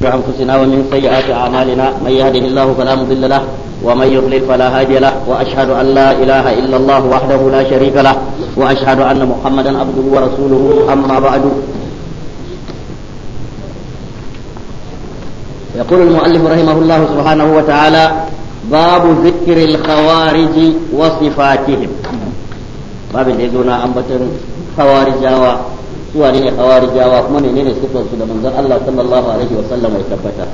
بأنفسنا ومن سيئات أعمالنا من يهده الله فلا مضل له ومن يضلل فلا هادي له وأشهد أن لا إله إلا الله وحده لا شريك له وأشهد أن محمدا عبده ورسوله أما بعد يقول المؤلف رحمه الله سبحانه وتعالى باب ذكر الخوارج وصفاتهم باب الإذن أنبت خوارجا su wane ne khawarijawa kuma ne sifar su da manzon Allah sallallahu alaihi wa sallam ya tabbata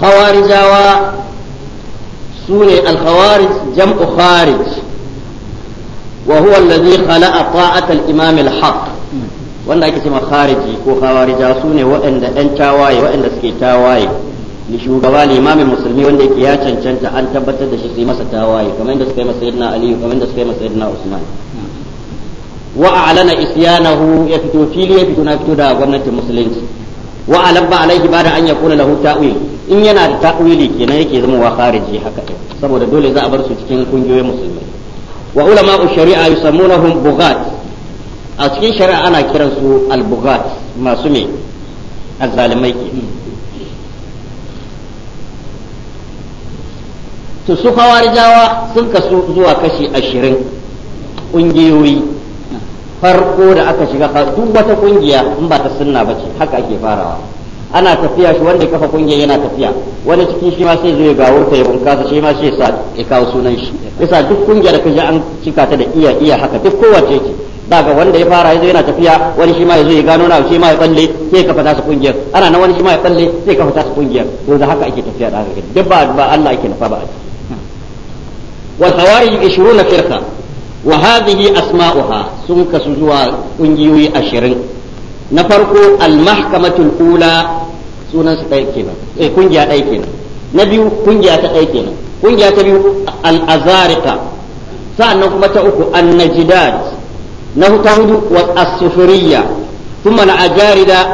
khawarijawa sune al-khawarij jam'u kharij wa huwa alladhi khala'a ta'at al-imam al-haq wanda ake cewa khariji ko khawarijawa sune waɗanda ɗan tawaye waɗanda suke tawaye ni shugaba limamin musulmi wanda yake ya cancanta an tabbatar da shi su yi masa tawaye kamar yadda suka yi masa yadda aliyu kamar yadda suka yi masa yadda usman wa a'lana isyanahu ya fito fili ya fito na fito da gwamnatin musulunci wa alabba alaihi bada an ya kuna lahu ta'wil in yana da ta'wili kenan yake zama wa khariji haka saboda dole za a bar su cikin kungiyoyin musulmi wa ulama shari'a yusammunahum bughat a cikin shari'a ana kiransu al-bughat masu me azzalimai kenan to su jawa sun kasu zuwa kashi ashirin ƙungiyoyi farko da aka shiga duk wata ƙungiya in ba ta sunna ba ce haka ake farawa ana tafiya shi wanda kafa ƙungiya yana tafiya wani cikin shi ma sai zo ya gawo ta ya bunkasa shi ma sai ya sa ya kawo sunan shi yasa duk ƙungiya da ji an cika ta da iya iya haka duk kowace ce daga wanda ya fara yanzu yana tafiya wani shi ma zo ya gano na shi ma ya balle sai kafa tasa kungiyar ana nan wani shi ma ya balle sai kafa tasa kungiyar to da haka ake tafiya da haka duk ba Allah yake nufa ba a ciki والخوارج عشرون فرقة وهذه أسماؤها سنك سزوى أنجيوي أشرين نفرق المحكمة الأولى سنة سكينة إيه كنجا أيكينا نبيو كنجا تأيكينا كنجا تبيو الأزارقة سأنا كما تأكو النجداد نهو تهد والسفرية ثم الأجاردة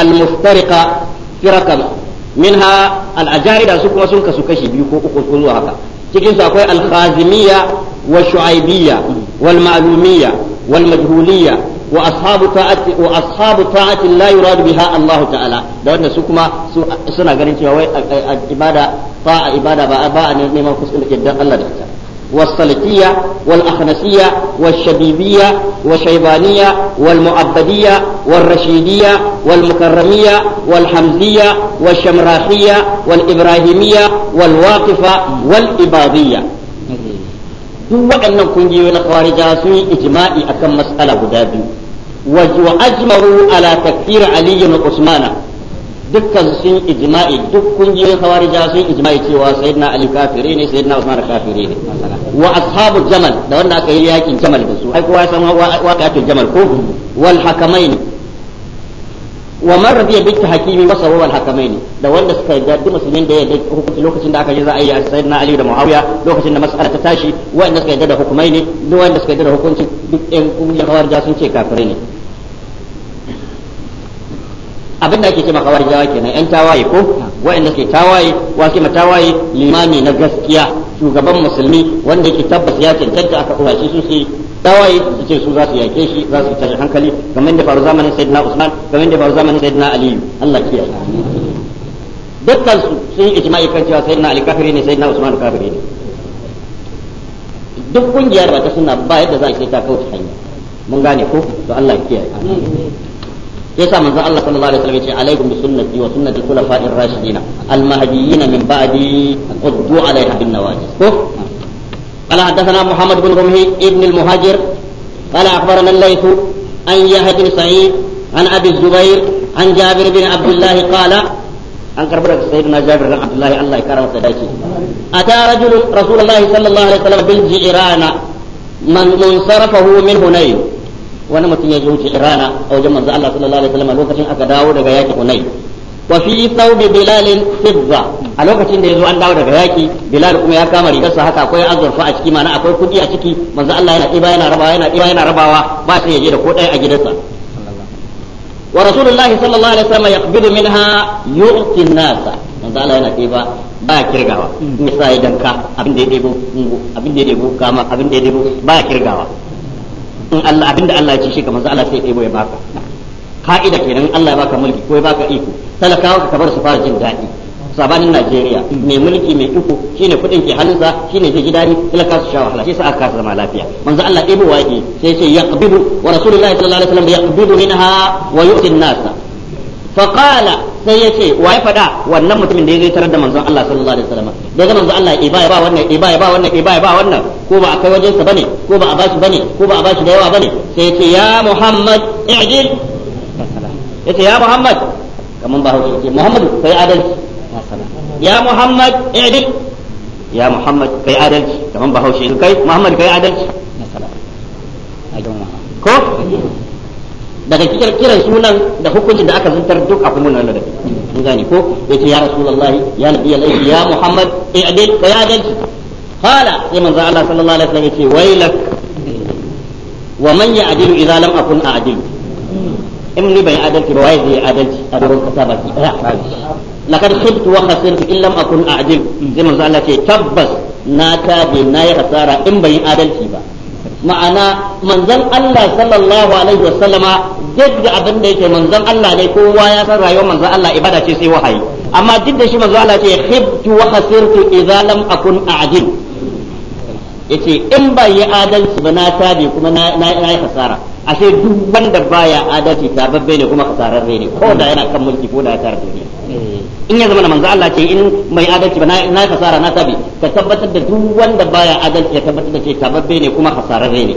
المفترقة فرقا منها الأجاردة سكوى سنك سكشي بيوكو أكو هكا cikin su akwai al-khazimiyya wa shu'aibiyya wal ma'lumiyya wal majhuliyya wa ashabu ta'ati wa ashabu ta'ati la yurad biha Allah ta'ala da wanda su kuma suna ganin cewa wai ibada ba ibada ba ba neman kuskure da Allah da ita والسلطية والأخنسية والشبيبية والشيبانية والمؤبدية والرشيدية والمكرمية والحمزية والشمراخية والإبراهيمية والواقفة والإباضية دو أن كنجي من خارج أسوي إجماعي أكم مسألة بدابي وأجمروا على تكثير علي بن dukkan sun ijima'i إجماعي kungiyoyin hawari jasun ijima'i cewa إجماعي ali kafiri ne sayyidina usman kafiri ne wa ashabu jamal da wanda aka yi yakin jamal da su ai kowa san waqi'atul jamal ko wal hakamaini wa man radiya bi tahkimi wa sawwa al hakamaini da wanda suka yarda duk musulmin da ya yarda hukunci lokacin da aka yi za a yi sayyidina ali da muawiya lokacin da mas'ala ta tashi inda suka yarda da hukumaini da wanda suka yarda da hukunci duk ɗan kungiyar kawarja sun ce kafirai ne abin da ake ce maka warjawa kenan yan tawaye ko inda ke tawaye wa ke tawaye limami na gaskiya shugaban musulmi wanda yake tabbas ya cancanta aka kuma shi su su dawaye su ce su za su yake shi za su tashi hankali game da faru zamanin sayyidina Usman game da faru zamanin sayyidina Ali Allah kiyaye dukkan su sun yi ijma'i kan cewa sayyidina Ali kafiri ne sayyidina Usman kafiri ne duk kungiyar ba ta suna ba yadda za a ce ta kauce hanya mun gane ko to Allah kiyaye yasa manzon Allah sallallahu alaihi wasallam yace alaikum bi sunnati wa sunnati khulafa'ir rashidin al-mahdiyyin min ba'di quddu 'alayha bin nawajis ko قال حدثنا محمد بن رمحي ابن المهاجر قال اخبرنا الليث عن يحيى بن سعيد عن ابي الزبير عن جابر بن عبد الله قال عن كربلاء سيدنا جابر بن عبد الله الله كرم سدايتي اتى رجل رسول الله صلى الله عليه وسلم بالجيران من منصرفه من هنين wani mutum ya wuce irana a wajen manzo Allah sallallahu alaihi wasallam lokacin aka dawo daga yaki hunay wa fi thawbi bilal fidda a lokacin da yazo an dawo daga yaki bilal kuma ya kama rigarsa haka akwai azurfa a ciki mana akwai kudi a ciki manzo Allah yana iba yana rabawa yana iba yana rabawa ba sai ya je da ko ɗaya a gidansa wa rasulullahi sallallahu alaihi wasallam yaqbidu minha yu'ti an-nasa manzo Allah yana iba ba kirgawa in ya sa danka abin da ya debo abin da ya debo kama abin da ya debo ba kirgawa in Allah abinda Allah ya ce shi ga Allah sai ya ya baka ka'ida kenan Allah ya baka mulki ko ya baka iko talakawa ka bar su fara jin daɗi sabanin Najeriya mai mulki mai iko shine kuɗin ke hannunsa shine zai ji daɗi talaka su sha wahala shi sa aka kasa zama lafiya manzo Allah ɗebo waye sai ya ce yaqbidu wa rasulullahi sallallahu alaihi wasallam minha wa yu'ti nasa faqala sai ya ce wa ya faɗa wannan mutumin da ya tarar da manzon Allah sallallahu alaihi wasallam da ga manzon Allah ibaya ba wannan ibaya ba wannan ibaya ba wannan ko ba akai wajen sa bane ko ba a bashi bane ko ba a bashi da yawa bane sai ya ya Muhammad i'jil ya ce ya Muhammad kaman ba hausa ce Muhammad kai adalci ya Muhammad i'jil ya Muhammad kai adalci kaman ba hausa kai Muhammad kai adalci ko daga cikin kiran sunan da hukuncin da aka zantar duk a akwai wannan da mun gane ko yace ya rasulullahi ya nabi Allah ya Muhammad eh, i'dil ka ya adalci qala sai manzo Allah sallallahu alaihi wasallam yace wailak wa man ya ya'dilu idza lam akun a'dil in ni bai adalci ba wai zai adalci a duron kasa baki daya lakad khibtu wa khasirtu in lam akun a'dil sai manzo Allah ce tabbas na tabe na yi hasara in bai adalci ba ma'ana manzon Allah sallallahu alaihi wasallama duk da abin da yake manzon Allah ne kowa ya san rayuwar manzon Allah ibada ce sai wahayi amma duk da shi manzon Allah ce khibtu wa khasirtu idza lam akun a'dil yace in ba yi adalci ba na tabe kuma na yi hasara ashe duk wanda baya adalci tababbe ne kuma hasararre ne ko da yana kan mulki ko da ya tara duniya in ya zama na manzo Allah ce in mai adalci ba na kasara na tabi ka tabbatar da duk wanda baya adalci ya tabbatar da ce tababbe ne kuma kasararre ne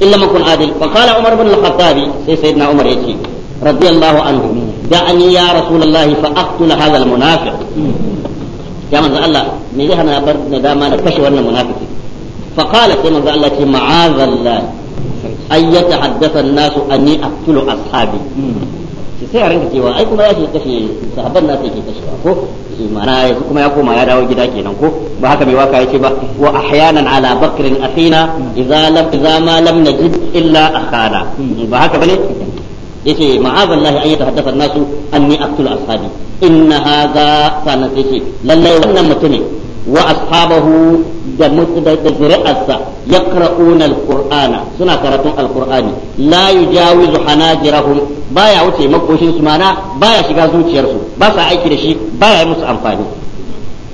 illa man kun adil fa qala umar ibn al-khattab sai sayyidina umar yace radiyallahu anhu da'ani ya rasulullah fa aqtul hadha al-munafiq ya manzo Allah me zai hana bar na dama da kashe wannan munafiki fa qala sai manzo Allah ce ma'azallah Ayyata yatahaddatha an-nasu anni aqtulu ashabi ce sai a ranka cewa ai kuma ya ke kashe sahabban nasa yake kashe ko mana yanzu kuma ya koma ya dawo gida kenan ko ba haka mai waka yace ba wa ahyanan ala bakrin athina idza lam idza ma lam najid illa akhana hmm, ba haka bane yace lahi an yatahaddatha an-nasu anni aqtulu ashabi inna hadha sanatiki lallai wannan mutumin wa ashabahu da da zuri'arsa yaqra'una alqur'ana suna karatun alqur'ani la yujawizu ba baya wuce makoshin su mana baya shiga zuciyarsu ba sa aiki da shi baya musu amfani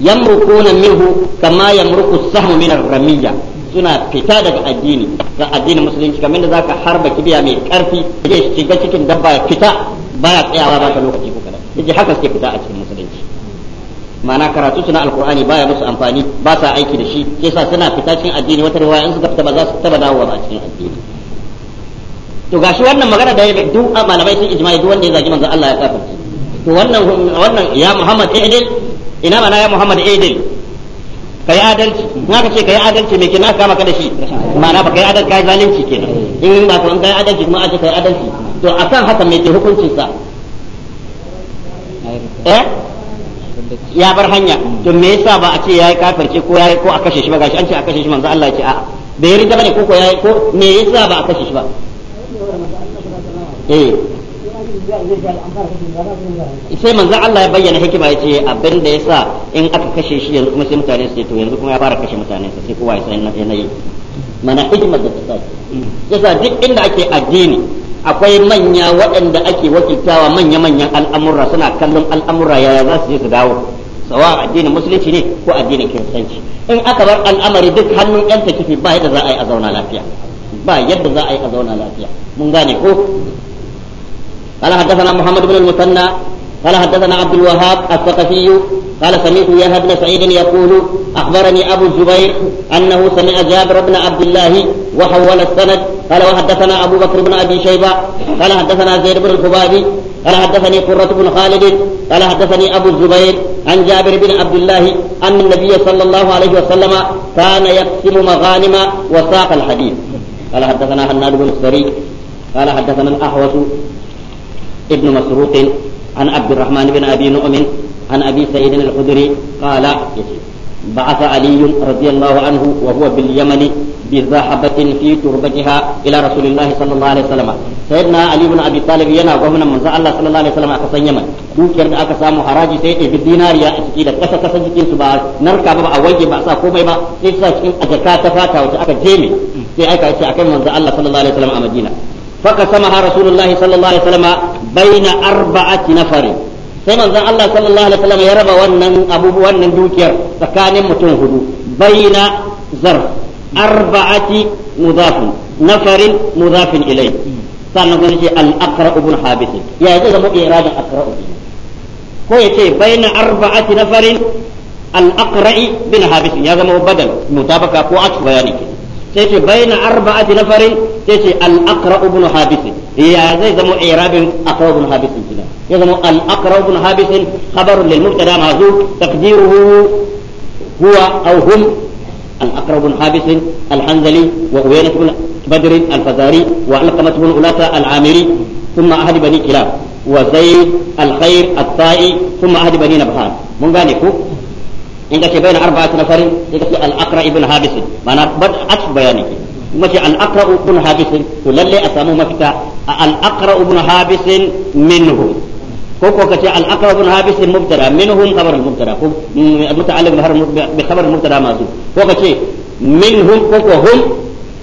yan yamrukuna minhu kama yamruku sahmu min ramiya suna fita daga addini ga addinin musulunci kamar da zaka harba kibiya mai karfi ya shiga cikin dabba ya fita baya tsayawa ba ka lokaci ko kadan yaji haka suke fita a cikin musulunci ma'ana karatu suna alkur'ani baya musu amfani ba sa aiki da shi ke sa suna fita cikin addini wata ruwa in suka fita ba za su taba dawowa ba cikin addini to gashi wannan magana da duk malamai sun ijma'i duk wanda ya zagi manzo Allah ya kafa to wannan wannan ya Muhammad idil ina mana ya Muhammad idil kai adalci in aka ce kai adalci me kina kama ka da shi ma'ana ba kai adalci kai zalunci kenan in ba ka kai adalci kuma a ce kai adalci to akan haka me ke hukuncin sa eh ya bar hanya to me yasa ba a ce yayi kafirce ko yayi ko a kashe shi ba gashi an ce a kashe shi manzo Allah ya ce a'a bai rinta bane ko ko yayi ko me yasa ba a kashe shi ba eh sai manzo Allah ya bayyana hikima ya ce abin da yasa in aka kashe shi yanzu kuma sai mutane su ce to yanzu kuma ya fara kashe mutane sai kowa ya san yanayi mana hikimar da ta sa yasa duk inda ake addini akwai manya waɗanda ake wakiltawa manya-manyan al'amurra suna kallon al'amurra yaya za su je su dawo sawa addinin musulunci ne ko addinin kiristanci in aka bar al'amari duk hannun yan kifi ba yadda za a yi a zauna lafiya ba yadda za a yi a zauna lafiya mun gane ko قال حدثنا عبد الوهاب الثقفي قال سمعت يحيى بن سعيد يقول اخبرني ابو الزبير انه سمع جابر بن عبد الله وحول السند قال وحدثنا ابو بكر بن ابي شيبه قال حدثنا زيد بن الحبابي قال حدثني قرة بن خالد قال حدثني ابو الزبير عن جابر بن عبد الله ان النبي صلى الله عليه وسلم كان يقسم مغانم وساق الحديث قال حدثنا حناد بن السري قال حدثنا الاحوص ابن مسروق عن عبد الرحمن بن أبي نعم عن أبي سعيد الخدري قال بعث علي رضي الله عنه وهو باليمن بذهبة في تربتها إلى رسول الله صلى الله عليه وسلم سيدنا علي بن أبي طالب ينا ومن من الله صلى الله عليه وسلم أكسن يمن دوكر da aka samu haraji sai ɗaya bi dinariya a ciki da kasa kasa jikin su ba narka ba a wanke ba sa komai ba sai sa cikin ajaka ta fata wata aka jeme sai a ce akan manzo Allah alaihi a Madina faka baina arba'ati sai manzon Allah sallallahu ya raba wannan dukiyar tsakanin mutum hudu baina zar arba'ati sannan kuma al-aqra ibn habis ya zama aqra ko yace baina arba'ati nafarin al habis ya zama badal mutabaka ko sai arba'ati nafarin sai al-aqra ibn habis ya zai zama i'rabin aqrabun habisin kina ya zama al aqrabun habisin khabarun lil mubtada mahzuf taqdiruhu huwa aw hum al aqrabun habisin al hanzali wa uwaynah bin بدر wa وعلقمة بن أولاة العامري ثم أهل بني كلاب وزيد الخير الطائي ثم أهل بني نبهان من ذلك عندك بين أربعة نفر عندك الأقرأ بن حابس معناه بدأت بيانك mace al-aqra ibn habis to lalle a samu mafita al-aqra ibn habis minhu ko ko kace al-aqra ibn habis mubtada minhum khabar mubtada ko muta'alliq bi khabar mubtada mazu ko kace minhum ko ko hum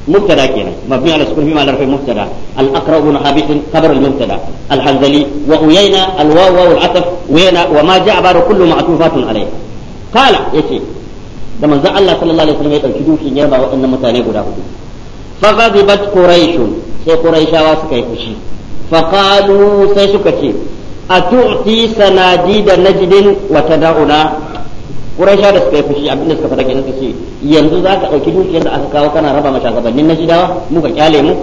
مبتدا كنا مبني على السكون فيما رفع مبتدا الاقرب بن حابس خبر المبتدا الحنزلي واوينا الواو واو العطف وينا وما جاء بعد كل معطوفات عليه قال يتي da manzon ala sallallahu alaihi wasallam ya dauki dukin yarba waɗannan mutane guda hudu فغضبت قريش سي قريشا واسكي فشي فقالوا سي سكتي أتعطي صناديد نجد وتدعنا قريشا da suka yi fushi abin da suka fara kenan suka ce yanzu za ka ɗauki dukiyar da aka kawo kana raba mata gabanin najidawa mu ka kyale mu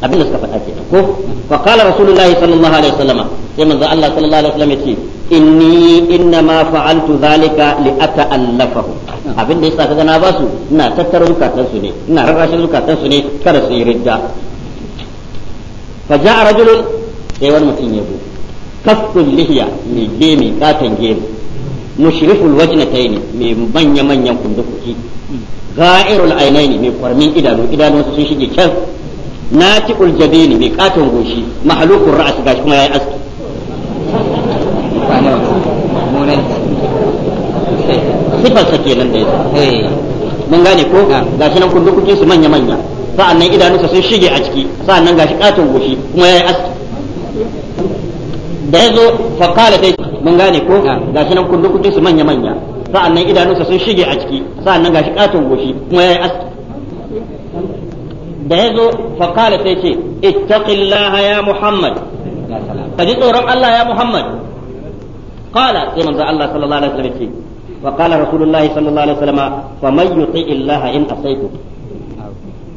abin suka faɗa kenan ko fa qala rasulullahi sallallahu alaihi wasallama sai manzo Allah sallallahu alaihi wasallam yace inni inna ma fa'altu zalika li ata'allafahu abin da yasa kaga na ba su ina tattara zukatan su ne ina rarrashin zukatan su ne kada su yi ridda fa ja'a rajulun sai wani mutum ya zo kafkul lihiya mai gemi katan gemi mushriful wajnataini mai manya manyan kundukuki ga'irul ainaini mai kwarmin idanu idanu sun shige can natiqul jabini mai katon goshi mahalukun ra'as gashi kuma yayi aski sifarsa kenan da ya mun gane ko shi nan kundukukin su manya manya sa'annan idanunsa sun shige a ciki sa'annan gashi katon goshi kuma yayi aski da yazo fa qala dai mun gane ko shi nan kundukukin su manya manya sa'annan idanunsa sun shige a ciki sa'annan gashi katon goshi kuma yayi aski da yazo fa qala sai ce ittaqillaha ya muhammad ka ji tsoron Allah ya muhammad qala sai manzo Allah sallallahu alaihi wasallam وقال رسول الله صلى الله عليه وسلم فمن يطيع الله إن أصيته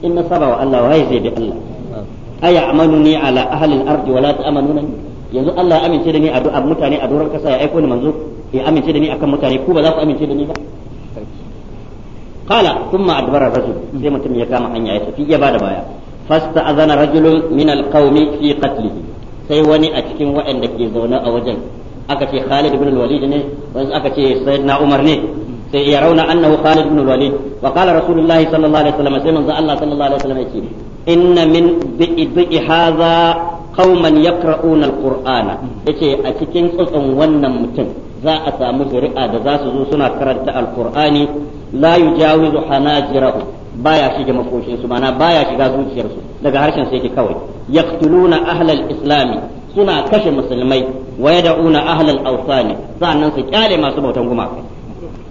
إن صبا والله وهيزي بالله أيأمنني على أهل الأرض ولا تأمنونني yanzu Allah ya amince da ni a du'a mutane a doron kasa ya aiko ni manzo ya amince da ni akan mutane ku ba za ku amince da ni ba qala thumma adbara rajul sai mutum ya kama hanya ya tafi ya bada baya fasta azana rajulun min alqaumi fi qatlihi sai wani a cikin waɗanda ke zaune a wajen aka ce Khalid ibn al-Walid ne wani aka ce Sayyidina Umar ne sai ya rauna annahu Khalid ibn al-Walid wa qala Rasulullah sallallahu alaihi wasallam sai manzo Allah sallallahu alaihi wasallam yace inna min bi'i hadha qauman yaqra'una al-Qur'ana yace a cikin tsotson wannan mutum za a samu zuri'a da za su zo suna karanta al-Qur'ani la yujawizu hanajirahu baya shiga makoshin su mana baya shiga zuciyarsu daga harshen sai yake kawai yaqtuluna ahlal islami suna kashe musulmai wa yad'una ahlal awsani sa'annan su kyale masu bautan gumaka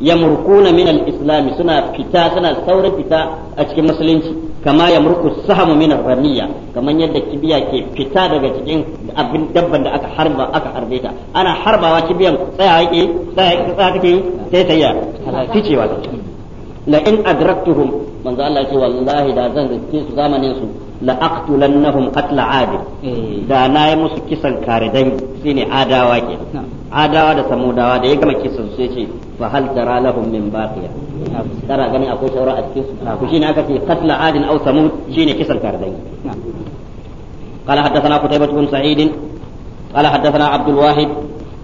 yamrukuna min al-islam suna fita suna saurin fita a cikin musulunci kama yamruku sahamu min ar kamar yadda kibiya ke fita daga cikin abin dabban da aka harbe ta ana harbawa kibiyan tsaya yake tsaya take sai manzo Allah ce wallahi da zan riske su zamanin su la aqtulannahum qatla ad eh. da na yi musu kisan kare dangi shine adawa ke adawa da samudawa da ya gama kisan su sai ce fa hal tara lahum min baqiya tara gani akwai shawara a cikin su shine aka ce qatla ad aw samud shine kisan kare dangi قال حدثنا قتيبة بن سعيد قال حدثنا عبد الواحد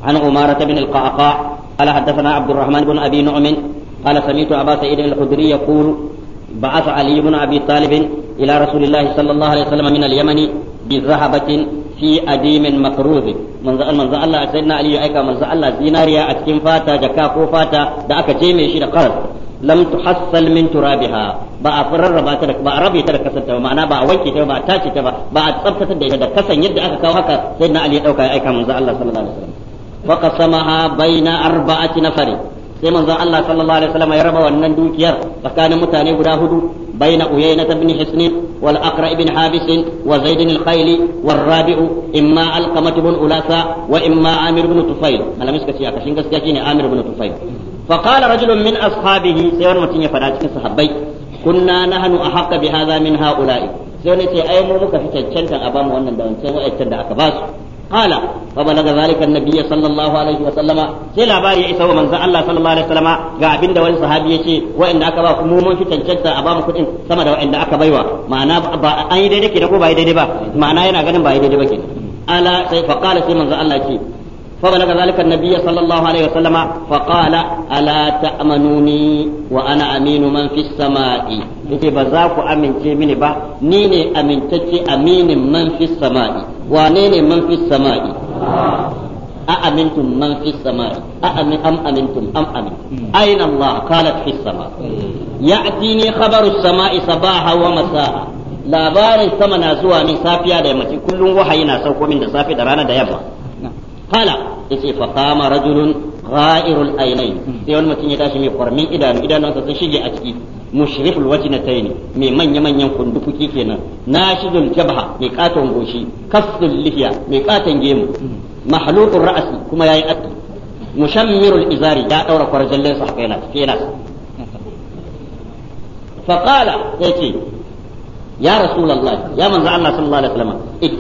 عن عمارة بن القعقاع قال حدثنا عبد الرحمن بن أبي نعم قال سمعت أبا سعيد الخدري يقول بعث علي بن أبي طالب إلى رسول الله صلى الله عليه وسلم من اليمن بذهبة في أديم مقروض من زال من زال الله سيدنا علي أيكا من زال الله ديناريا أتكين فاتا جكا فاتا دعك جيمي شيد قرض لم تحصل من ترابها ba a rarraba ta ba a rabe ta da kasar ta ba ma'ana ba wanke ta ba a tace ta ba ba a tsaftace da kasan yadda aka kawo haka sai na Ali ya dauka ya aika manzo Allah sallallahu alaihi baina sai manzon Allah sallallahu alaihi wasallam ya raba wannan dukiyar tsakanin mutane guda hudu baina uyayna ibn hisn wal aqra ibn habis wa zaid al khayli wal rabi'u imma alqamah ibn ulasa wa imma amir ibn tufail malami suka ce a gaskiya shine amir ibn tufail fa qala rajulun min ashabihi sai wani mutum ya fada cikin sahabbai kunna nahnu ahaqqa bi hadha min ha'ula'i sai wani ce ai mu muka fi cancantan a bamu wannan da wancan wa'ancan da aka basu قال فبلغ ذلك النبي صلى الله عليه وسلم sai labari ya isa wa manzon Allah sallallahu alaihi wasallam ga abinda da wani sahabi yace wa'anda aka ba kuma mun fi cancanta a ba kuɗin sama da wa'anda aka baiwa ma'ana ba an yi daidai kenan ko ba yi daidai ba ma'ana yana ganin ba yi daidai ba kenan ala sai fa qala sai manzon Allah ce فبلغ ذلك النبي صلى الله عليه وسلم فقال ألا تأمنوني وأنا أمين من في السماء يتي بزاك أمن مini ba ni ne amintacce aminin man fi sama'i wane ne man fi sama'i a amintum man fi sama'i a amin am amintum am amin hmm. aina Allah qalat fi sama hmm. ya'tini khabaru sama'i sabaha wa masa'a labarin sama na zuwa min safiya da yamma kullum wahayi na sauko min da safi da rana da yamma hala yace fa qama rajulun gha'irul ainain sai wani mutum ya tashi mai kwarmin idanu idanunsa sun shige a ciki mushriful mai manya manyan kundukuki kenan nashidul jabha mai katon goshi kasdul lihiya gemu mahluqur ra'si kuma yayi akki mushammirul izari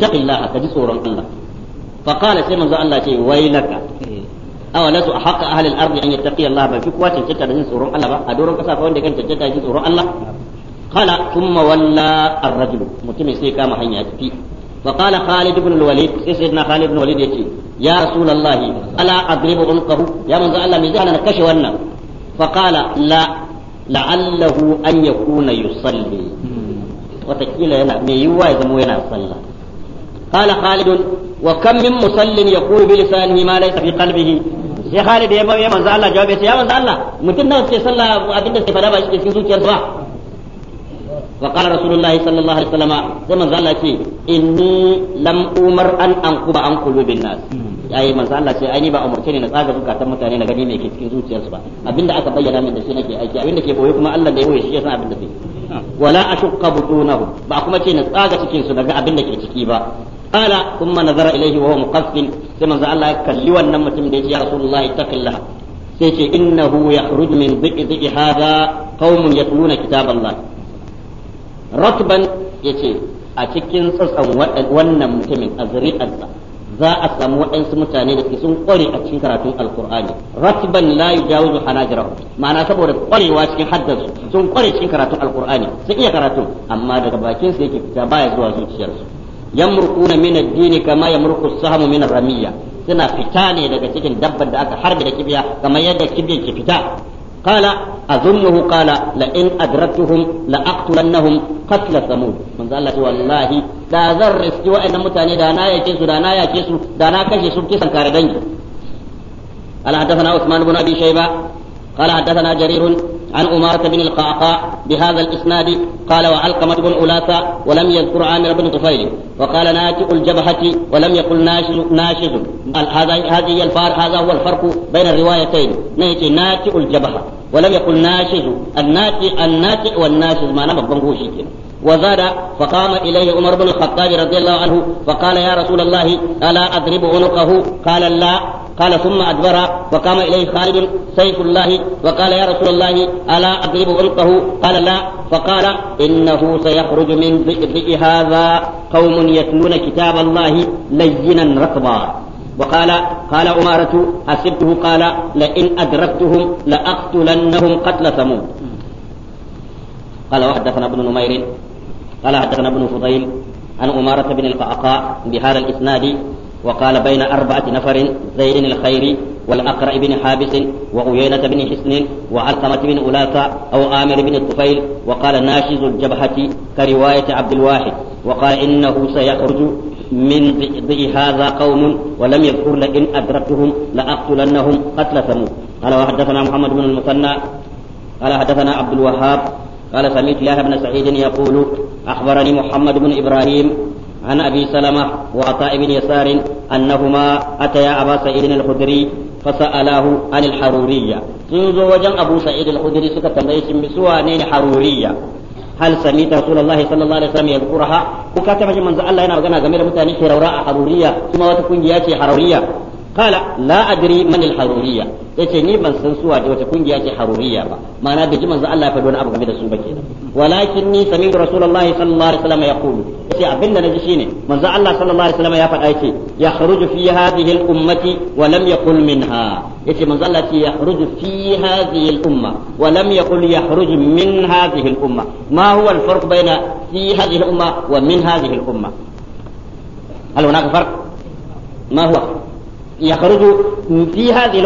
tsoron Allah sai manzo Allah ce wailaka aw nasu haqqa ahli al-ardi an yattaqi Allah ba fi kuwa cancanta da jin tsoron Allah ba a doron kasa ba wanda kan cancanta da jin tsoron Allah qala thumma walla ar mutumin sai kama hanya tafi fa qala Khalid ibn al-Walid sai sayyidina Khalid ibn al-Walid yace ya rasulullahi ala adribu unqahu ya manzo Allah me zai na kashe wannan fa kala. la la'allahu an yakuna yusalli watakila yana mai yiwuwa ya zama yana sallah قال خالد وكم من مصل يقول بلسانه ما ليس في قلبه sai Khalid ya ya manzo Allah jawabi sai ya manzo Allah mutum nan suke sallah abinda da suke fada ba shi cikin zuciyarsa ba wa qala rasulullahi sallallahu alaihi wasallam sai manzo Allah ce inni lam umar an anquba an qulubin nas yayi manzo Allah ce ai ni ba umurce ne na tsaga zukatan mutane na gani me ke cikin zuciyarsu ba abinda aka bayyana min da shi nake aiki abinda ke boye kuma Allah da ya boye shi ya san abinda zai wala ashqa butunahu ba kuma ce na tsaga cikin su daga abinda ke ciki ba qala thumma nazara ilayhi wa huwa muqaffin sai manzo Allah ya kalli wannan mutum da yace ya rasulullahi taqillah sai ce innahu yakhruju min dhiqi dhiqi hadha qaumun yatluna kitaballah ratban yace a cikin tsatsan wannan mutumin a zuri'arsa za a samu waɗansu mutane da sun ƙware a cikin karatun alkur'ani ratban la yujawizu hanajirahu ma'ana saboda ƙwarewa cikin haddarsu sun ƙware cikin karatun alkur'ani sun iya karatun amma daga bakin yake fita baya zuwa zuciyarsu yamrukuna min ad kama yamruku as-sahmu min ar suna fita ne daga cikin dabbar da aka harbe da kibiya kamar yadda kibiya ke fita qala azunnahu qala la in adratuhum la aqtulannahum qatl samud manzo Allah ta da zan riski wa'annan mutane da na yake su da na yake su da na kashe su kisan kare dangi al hadathana usman ibn abi shayba قال حدثنا جرير عن أمارة بن القعقاع بهذا الإسناد قال وعلقمة بن علاثة ولم يذكر عامر بن طفيل وقال ناتئ الجبهة ولم يقل ناشز هذا هذه الفار هذا هو الفرق بين الروايتين نيتي ناتئ الجبهة ولم يقل ناشز الناتئ الناتئ والناشز ما نبغى بنقوشي وزاد فقام إليه عمر بن الخطاب رضي الله عنه فقال يا رسول الله ألا أضرب عنقه قال لا قال ثم أدبر وقام إليه خالد سيف الله وقال يا رسول الله ألا أضرب عنقه قال لا فقال إنه سيخرج من ذئب هذا قوم يتلون كتاب الله لينا رطبا وقال قال عمارة حسبته قال لئن أدركتهم لأقتلنهم قتل ثمود قال وحدثنا ابن نمير قال حدثنا ابن فضيل عن أمارة بن القعقاع بهذا الإسناد وقال بين أربعة نفر زيد الخيري والأقرع بن حابس وعيينة بن حسن وعلقمة بن أولاثة أو آمر بن الطفيل وقال ناشز الجبهة كرواية عبد الواحد وقال إنه سيخرج من ضئ هذا قوم ولم يذكر لئن أدركتهم لأقتلنهم قتل ثمود قال وحدثنا محمد بن المثنى قال حدثنا عبد الوهاب قال سمعت الله بن سعيد يقول أخبرني محمد بن إبراهيم عن أبي سلمة وعطاء بن يسار أنهما أتيا أبا سعيد الخدري فسأله عن الحرورية سنزو وجن أبو سعيد الخدري سكة تنبيش بسوانين حرورية هل سميت رسول الله صلى الله عليه وسلم يذكرها وكاتب من الله ينبغنا غمير متاني حرورية ثم وتكون جياتي حرورية kala la adri man ni ban san suwa da wata kungiya ce ba ma'ana da jiman da su ba kenan ni sami rasulullahi abinda naji shine manzo Allah sallallahu alaihi wasallam ya faɗa yace yakhruju fi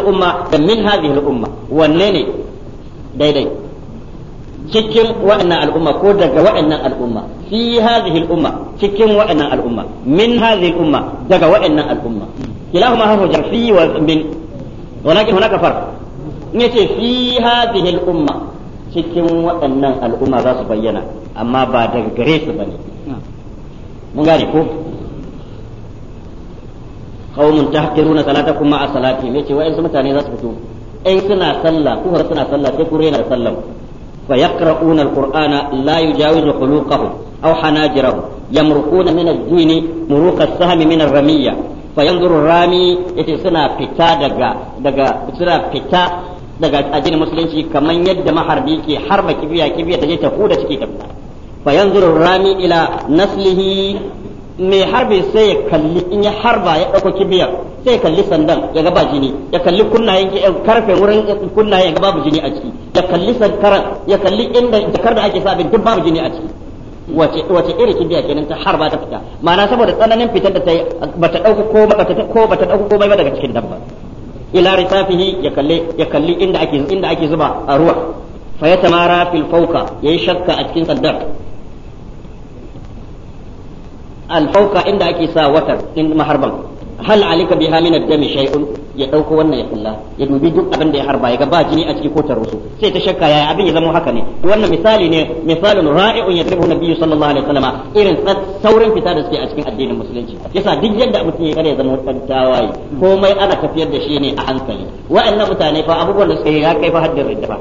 umma da min الأمة من umma wanne ne daidai cikin wa'annan al'umma ko daga wa'annan al'umma fi hadhihi umma cikin wa'annan al'umma min hadhihi umma daga wa'annan al'umma kilahuma harfu fi wa min walakin hunaka farq yace fi hadhihi umma cikin wa'annan al'umma za su bayyana amma ba daga gare su bane mun gane ko qaumun tahqiruna salatakum ma'a salatihim yace wa'in mutane za su fito in suna sallah ko suna sallah sai ku rena sallah fa yaqra'una alqur'ana la yujawizu quluqahum aw hanajirahum yamruquna min ad-dini muruqa as-sahmi min ar-ramiyya fa yanzuru fita daga daga suna fita daga addinin musulunci kamar yadda maharbi ke harba kibiya kibiya ta je ta huda ciki ta fa yanzuru rami ila naslihi mai harbe sai ya kalli in ya harba ya ɗauko kibiyar sai ya kalli sandan ya ga ba jini ya kalli kunnayen eh, karfe wurin eh, kunnayen ya ga babu jini a ciki ya kalli sankaran ya kalli inda jakar da ake sa duk babu jini a ciki wace wace iri kibiya kenan ta harba ta fita ma'ana saboda tsananin fitar da ta yi bata ɗauko ko bata ko bata ɗauko komai ba daga cikin dabba ila risafihi ya kalli ya kalli inda ake inda ake zuba a ruwa fa ya tamara fil fawqa yayi shakka a cikin sandar alfauka inda ake sa watar in maharban hal alika biha min ad-dami shay'un ya dauko wannan ya kulla ya dubi duk abin da ya harba ya ga ba jini a ciki kotar tarusu sai ta shakka yaya abin ya zama haka ne wannan misali ne misalin ra'i'un yadribu nabiyyu sallallahu alaihi wasallam irin saurin fita da suke a cikin addinin musulunci yasa duk yadda mutum ya kare ya zama dan tawaye komai ana tafiyar da shi ne a hankali wa'annan mutane fa abubuwan da suke ya kai fa haddin ridda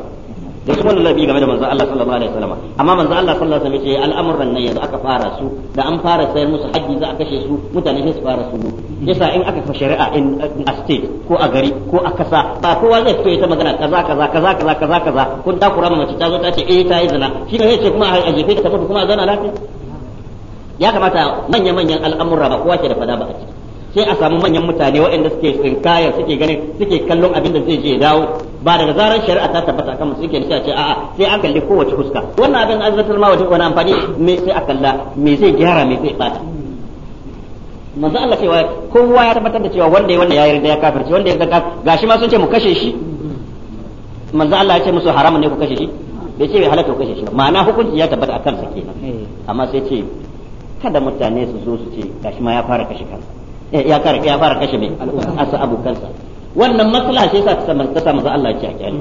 da su wannan game da manzo Allah sallallahu alaihi wasallam amma manzo Allah sallallahu alaihi wasallam ya ce al'amuran nan yanzu aka fara su da an fara sayar musu haji za a kashe su mutane sai su fara su yasa in aka fa shari'a in a state ko a gari ko a kasa ba kowa zai fito ya ta magana kaza kaza kaza kaza kaza kaza kun ta kura mace ta zo ta ce eh ta yi zina shi ne sai kuma a jefe ta mutu kuma a zauna lafiya ya kamata manyan manyan al'amura ba kowa ke da fada ba a ciki sai a samu manyan mutane waɗanda suke sinkaya suke ganin suke kallon abin da zai je dawo ba daga zarar shari'a ta tabbata kan mutum yake da ce a'a sai an kalli kowace fuska wannan abin azzatul ma wajen wani amfani me sai a kalla me zai gyara me zai bata manzo Allah cewa kowa ya tabbatar da cewa wanda ya wannan ya yarda ya kafirce wanda ya ga gashi ma sun ce mu kashe shi manzo Allah ya ce musu haramun ne ku kashe shi bai ce bai halaka ku kashe shi ma'ana hukunci ya tabbata akan sa kenan amma sai ce kada mutane su zo su ce gashi ma ya fara kashe kansa eh, ya fara kashe mai asabu kansa wannan maslaha ya yasa ta sa manzo Allah ya kiyaye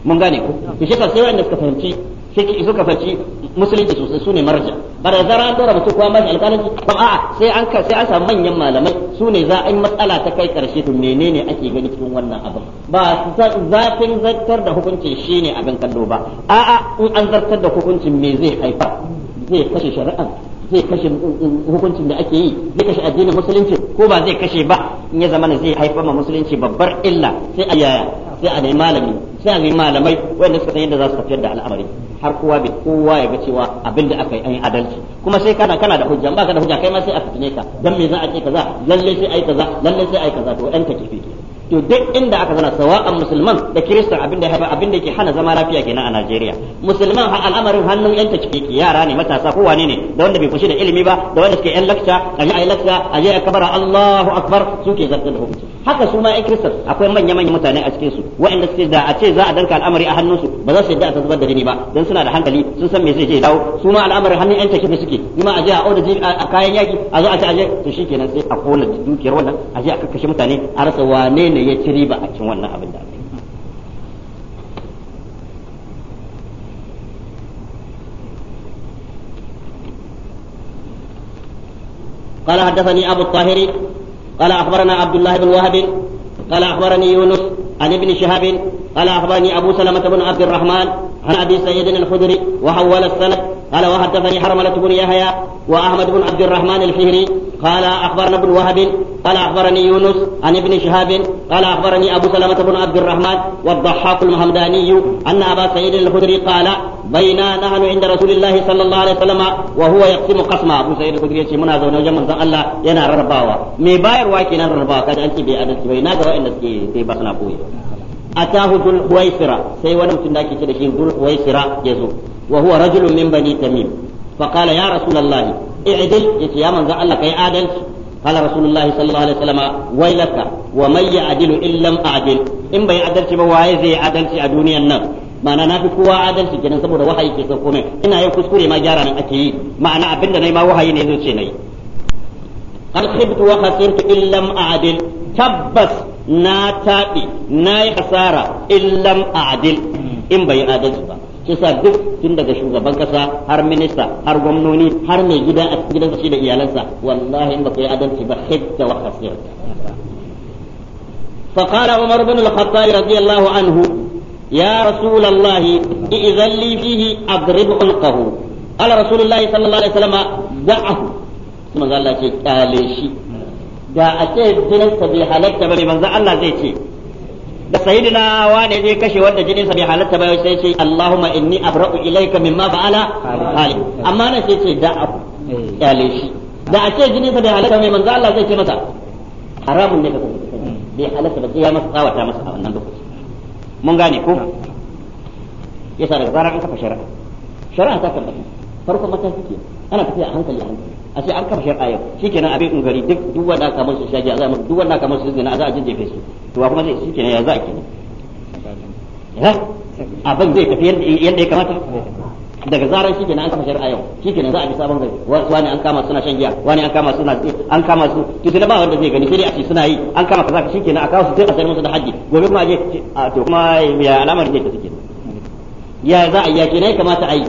mun gane ko to shi sai wanda suka fahimci shi suka fahimci musulunci sosai sune marja ba da zara an dora mutum kuma mai alƙalanci ba a'a sai an sai an samu manyan malamai su ne za a yi matsala ta kai karshe to menene ake gani cikin wannan abin ba zafin zartar da hukuncin shine abin kallo ba a'a in an zartar da hukuncin me zai haifa zai kashe shari'a zai kashe hukuncin da ake yi zai kashe addinin musulunci ko ba zai kashe ba in ya zamana zai haifar ma musulunci babbar illa sai a yaya sai a nemi malami sai a nemi malamai wanda suka san yadda za su tafiyar da al'amari har kowa bai kowa ya ga cewa abin da aka yi an yi adalci kuma sai kana kana da hujja ba ka da hujja kai ma sai a fitine ka dan me za a ce kaza lalle sai yi kaza lalle sai yi kaza to ɗan ka kifi to duk inda aka zana sawa'an musulman da kiristan abinda ya haifa abinda ke hana zama lafiya kenan a Najeriya musulman har al'amarin hannun yanta ciki yara ne matasa ko wane ne da wanda bai kushi da ilimi ba da wanda suke yan lakca a yi lakca a je a kabara Allahu akbar suke zartar da hukunci haka su ma yan kiristan akwai manya manya mutane a cikin su waɗanda suke da a ce za a danka al'amari a su ba za su yadda a zubar da jini ba dan suna da hankali sun san me zai je dawo su ma al'amarin hannun yanta ciki suke kuma a je a oda a kayan yaki a zo a ce a je to shikenan sai a kona dukiyar wannan a je a kakkashe mutane a rasa wane ne ne ya ci riba a cikin wannan abin da aka yi قال حدثني أبو الطاهر قال أخبرنا عبد الله بن وهب قال أخبرني يونس عن ابن شهاب قال أخبرني أبو سلمة بن عبد الرحمن عن أبي سعيد الخدري وحول السند قال وحدثني حرملة بن يحيى وأحمد بن عبد الرحمن الحهري قال أخبرنا ابن وهب قال أخبرني يونس عن ابن شهاب قال أخبرني أبو سلمة بن عبد الرحمن والضحاك المهمداني أن أبا سعيد الخدري قال بينا نحن عند رسول الله صلى الله عليه وسلم وهو يقسم قسما أبو سعيد الخدري يقول منا زونا وجمع زن الله ينا رباوا مي باير واكينا رباوا كان أنت بأدس بينا دواء إنس كي بخنا بوي أتاه ذو الحويسرة سيوانا متنداكي تدشين ذو الحويسرة يزو وهو رجل من بني تميم فقال يا رسول الله i'dil yace ya manzon Allah kai adalci قال رسول الله صلى الله عليه وسلم ويلك in يعدل ان لم اعدل ان بي adalci ba waye zai adalci a duniyar nan ma'ana na fi kowa adalci kenan saboda wahayi ke sauko min ina yau kuskure ma gyara nan ake yi ma'ana abinda nayi ma wahayi ne zai ce nayi qad khibtu wa khasirtu in lam a'dil tabbas na taɓi na yi in lam a'dil in bai adalci ba yasa duk tun daga shugaban kasa har minista har gwamnoni har mai gida a cikin gidansa shi da iyalansa wallahi in ba ku yi adalci ba hidda wa khasir فقال عمر بن الخطاب رضي الله radiyallahu anhu ya الله إذن لي فيه أضرب عنقه قال رسول الله صلى sallallahu عليه وسلم دعه ثم قال الله قال da a ce jininsa bai halatta bane manzo Allah zai ce da sayidina sayyidina wane zai kashe wanda jinin sa bai halatta ba sai ce Allahumma inni abra'u ilayka mimma ba'ala hali amma nan sai ce da abu kyale shi da a ce jinin sa bai halatta mai manzo Allah zai ce masa haramun ne ka bai halatta ba sai ya masa tsawata masa a wannan lokaci mun gane ko yasa da zarar an kafa shari'a shari'a ta tabbata farko mataki suke ana tafiya a hankali a hankali a ce an kafa shi ayar shikenan abin ungari duk duk wanda kamar musu shaji a zamanin duk wanda kamar su zina za a jinjefe su to kuma zai shikenan ya za a kenan abin zai tafi yadda ya kamata daga zaran shi kenan an kama shari'a yau shi kenan za a bi sabon gari wani an kama suna shan giya wani an kama suna an kama su to sai ba wanda zai gani sai a ce suna yi an kama kaza shi kenan a kawo su sai a sanar musu da haji gobe kuma a je to kuma ya alamar ne ta suke ya za a yi ya kenan ya kamata a yi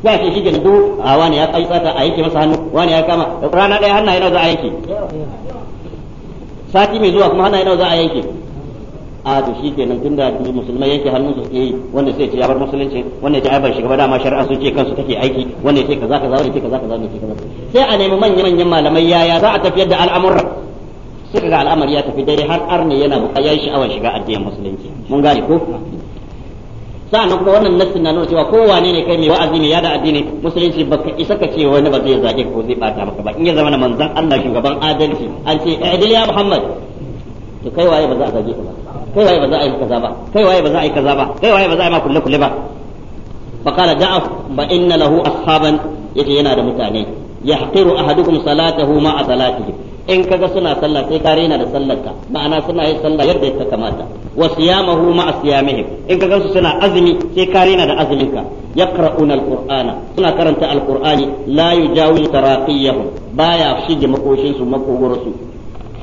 ya ce shi kenan a wani ya kai tsata a yanke masa hannu wani ya kama rana ɗaya hannu nawa za a yanke sati mai zuwa kuma hannu nawa za a yanke a to shi kenan tun da musulmai yanke hannun su yi wanda sai ce ya bar musulunci wanda ya ce ai ban shiga ba dama shari'a sun ce kansu take aiki wanda ya ce kaza kaza wanda ya ce kaza kaza wanda ya ce kaza sai a nemi manyan manyan malamai yaya za a tafiyar da al'amuran sai ga al'amari ya tafi daidai har arne yana buƙatar sha'awar shiga addinin musulunci mun gane ko sa'annan kuma wannan nassin na nuna cewa kowane ne kai mai wa'azi ne ya da addini musulunci baka isa ka ce wani ba zai zage ko zai bata maka ba in ya zama na manzon Allah shugaban adalci an ce adil ya Muhammad to kai waye ba za a zage ka ba kai waye ba za a yi kaza ba kai waye ba za a yi kaza ba kai waye ba za a yi ma kulle kulle ba fa qala da'af ba inna lahu ashaban yace yana da mutane yahqiru ahadukum salatahu ma'a salatihi in kaga suna sallah sai ka rena da sallarka ma'ana suna yin sallah yadda ya kamata wa siyamahu ma siyamihim in kaga su suna azumi sai ka rena da azuminka yaqra'una alqur'ana suna karanta alqur'ani la yujawi taraqiyahum baya shige makoshin su makogoro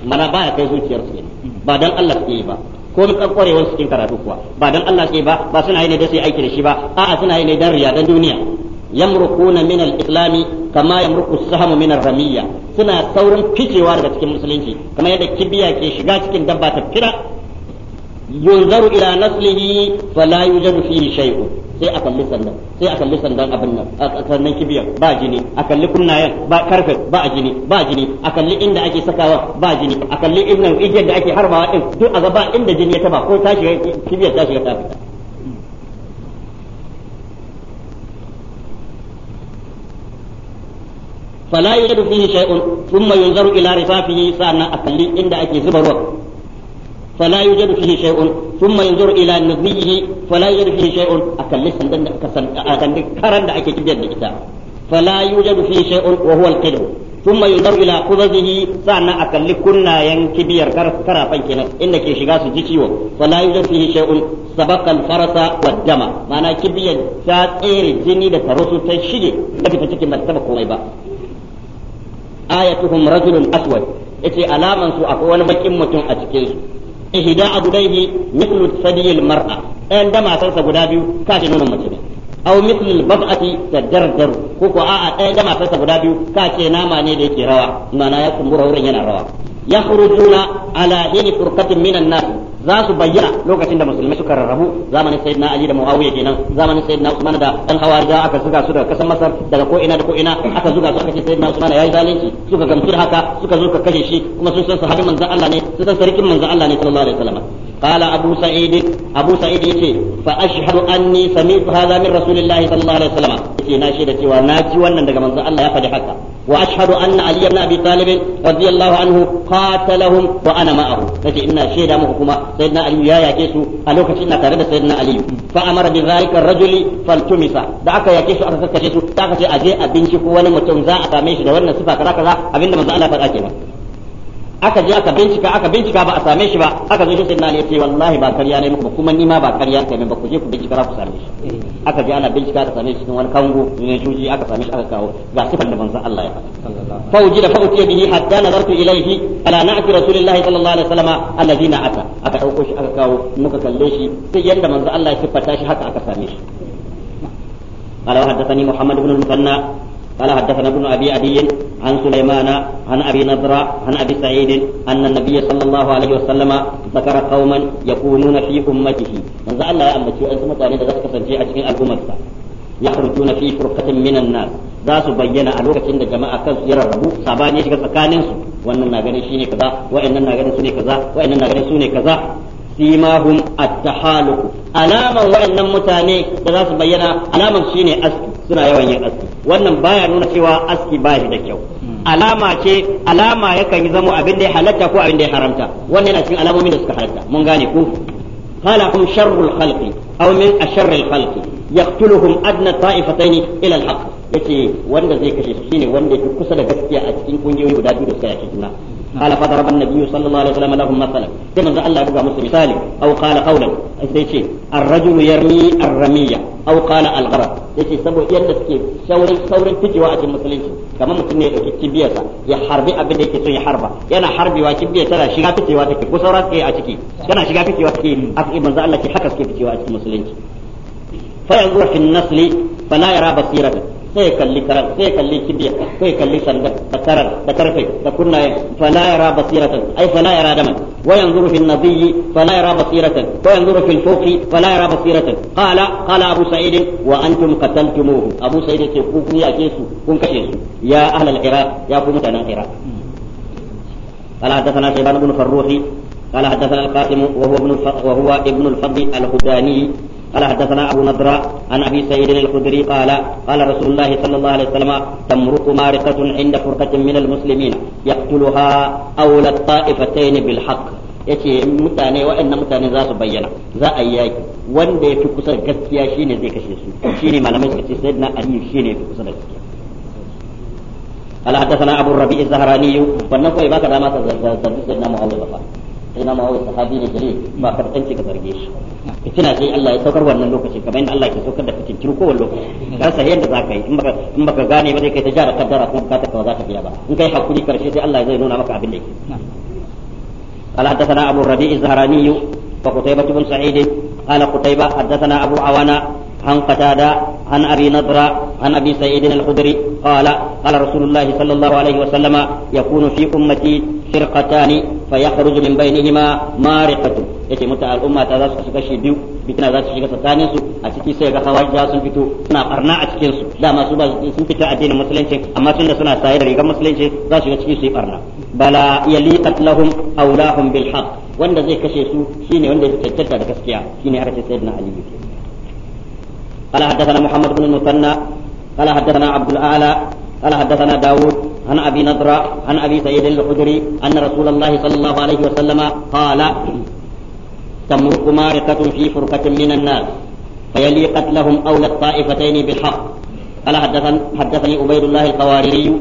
mana baya kai zuciyar su ba dan Allah ke ba ko mu kakwarewar su cikin karatu kuwa ba dan Allah ke ba ba suna yi ne da sai aiki da shi ba a'a suna yi ne dan riya dan duniya yamruquna min al-islami kama yamruqu as-sahmu min ar-ramiyya suna saurin ficewa daga cikin musulunci kamar yadda kibiya ke shiga cikin dabba ta fira yunzaru ila naslihi fala yujadu fihi shay'un sai a kalli sandan sai a kalli sandan abin nan sannan kibiyar ba jini a kalli kunnayen ba karfe ba jini ba jini a kalli inda ake sakawa ba jini a kalli inda ake harbawa din duk a ga inda jini ya taba ko ta shiga kibiyar ta shiga ta fita فلا يوجد فيه شيء ثم ينظر إلى رفافه سأنا أكلي عند أكي زبر فلا يوجد فيه شيء ثم ينظر إلى نبيه فلا يوجد فيه شيء أكلي سندن أكلي كرن أكي كبير فلا يوجد فيه شيء وهو القدر ثم ينظر إلى قبضه سأنا أكلي كنا ينكبير كرافا كنا إنك يشغى سجيشيو فلا يوجد فيه شيء سبق الفرس والدم معنى كبير ساتير جني لترسو تشيجي لكي تشكي ما سبق ويبا ayatuhum rajulun aswad yace alaman su akwai wani bakin mutum a cikin su ihda abudaihi mithlu sadiyil mar'a ɗayan da sa guda biyu kace nonon mace ne aw mithlu al-bab'ati tadardaru ko ko a'a ɗayan da sa guda biyu ce nama ne da yake rawa mana ya kumbura wurin yana rawa yakhrujuna ala hini furqatin minan nas za su bayyana lokacin da musulmi suka rarrabu zamanin na ali da muawiya kenan zamanin na usman da dan hawarija aka zuga su daga kasar masar daga ko ina da ko ina aka zuga su aka ce na usman yayi zalunci suka gamsu da haka suka zo ka kashe shi kuma sun san sahabin manzon Allah ne sun san sarkin manzon Allah ne sallallahu alaihi wasallam قال أبو سعيد أبو سعيد يتي فأشهد أني سمعت هذا من رسول الله صلى الله عليه وسلم يتي ناشدة وناجي daga دقا منزل الله يفدي حقا واشهد ان علي بن ابي طالب رضي الله عنه قاتلهم وانا معه نتي ان شهدا محكما سيدنا علي يا su a lokacin na tare da sayyidina ali fa amara bi zalika rajuli faltumisa da aka yake su aka kakkace su ta a je abinci ko wani mutum za a same shi da wannan sifa abinda manzo Allah faɗa kenan aka je aka bincika aka bincika ba a same shi ba aka zo shi sayyidina ali ya wallahi ba karya ne muku kuma ni ma ba karya ne ba ku je ku bincika ku same shi aka je ana bincika aka same shi cikin wani kango ne shuji aka same shi aka kawo ga sifan da manzon Allah ya faɗa fa wujida fa utiya bihi hatta nazartu ilayhi ala na'ti rasulillahi sallallahu alaihi wasallam alladhina ata aka dauko shi aka kawo muka kalle shi sai yanda manzon Allah ya sifata shi haka aka same shi قال وحدثني محمد بن المثنى قال حدثنا ابن ابي عدي عن سليمان عن ابي نضرة عن ابي سعيد ان النبي صلى الله عليه وسلم ذكر قوما يكونون في امته من الله يا امتي انت متاني da zaka kasance a cikin al'ummarsa yakhrujuna fi furqatin minan nas za su bayyana a lokacin da jama'a kan ya rarrabu sabani shiga tsakanin su wannan na ganin shine kaza wa'annan na ganin kaza wa'annan na ganin sune kaza simahum at-tahaluq alaman mutane da za su bayyana alaman aski suna yawan yin aski wannan baya nuna cewa aski baya shi da kyau alama ce alama yakan yi zama abin da ya halatta ko abin da ya haramta wannan yana cikin alamomin da suka halatta mun gane ko qala hum sharrul khalqi aw min asharril khalqi yaqtuluhum adna ta'ifatayn ila al-haqq yace wanda zai kashe shi ne wanda yake kusa da gaskiya a cikin kungiyoyi guda biyu da suka yake juna قال فضرب النبي صلى الله عليه وسلم لهم مثلا كما الله يبقى مسلم مثال أو قال قولا الرجل يرمي الرمية أو قال yadda suke saurin saurin a cikin ne ya ya harbi abin da so ya harba a ciki yana shiga fitewa take suke fitewa a sai kalli karan sai kalli kibiya sai kalli sandar da karan da karfe da kunnaye fala yara basiratan ai fala yara daman wa yanzuru fil nabiyyi fala yara basiratan wa yanzuru fil fawqi fala yara basiratan qala qala abu sa'id wa antum qataltumuhu abu sa'id ce ku kun yake su kun kashe su ya ahlal iraq ya ku mutanen iraq قال حدثنا شيبان بن فروخي قال حدثنا القاسم وهو ابن وهو ابن الفضل الهداني قال حدثنا أبو نضرة عن أبي سعيد الخدري قال قال رسول الله صلى الله عليه وسلم تمرق مارقة عند فرقة من المسلمين يقتلها أولى الطائفتين بالحق yace mutane waɗannan mutane za su bayyana za a yi wanda ya fi kusa da gaskiya shine zai kashe su shine malamai suka ce sayyidina ali ya fi kusa da gaskiya قال حدثنا ابو الربيع الزهراني والنفع بك ما تزدد سيدنا معاويه sai na ma'aure sahabi ne jalil ba ka tsanci ka zarge shi fitina ce Allah ya saukar wannan lokacin kamar yadda Allah ke saukar da fitin ko kowane lokaci dan sai yadda yi in baka in baka gane ba zai kai ta jara kaddara kuma bukatar ka za ta biya ba in kai hakuri karshe sai Allah zai nuna maka abin da yake قال حدثنا أبو الربيع الزهراني وقتيبة بن سعيد قال قتيبة حدثنا أبو عوانة عن قتادة عن أبي نضرة عن أبي سعيد الخدري قال قال رسول الله صلى الله عليه وسلم يكون في أمتي فرقتان fa yakhruju min bainihima mariqatu yace muta al'umma ta za su shi biyu bikina za su shiga tsakanin su a ciki sai ga hawaja sun fito suna barna a cikin su da su ba sun fita addinin musulunci amma tunda suna saye da rigar musulunci za su shiga ciki su yi barna bala yaliqat lahum awlahum bil haqq wanda zai kashe su shine wanda ya tattata da gaskiya shine aka ce sayyidina ali bin qala hadathana muhammad بن mutanna qala hadathana abdul a'la قال حدثنا داود عن أبي نضرة عن أبي سعيد الخدري أن رسول الله صلى الله عليه وسلم قال تمرق مارقة في فرقة من الناس فيلي قتلهم أولى الطائفتين بالحق قال حدثني عبيد الله القواريري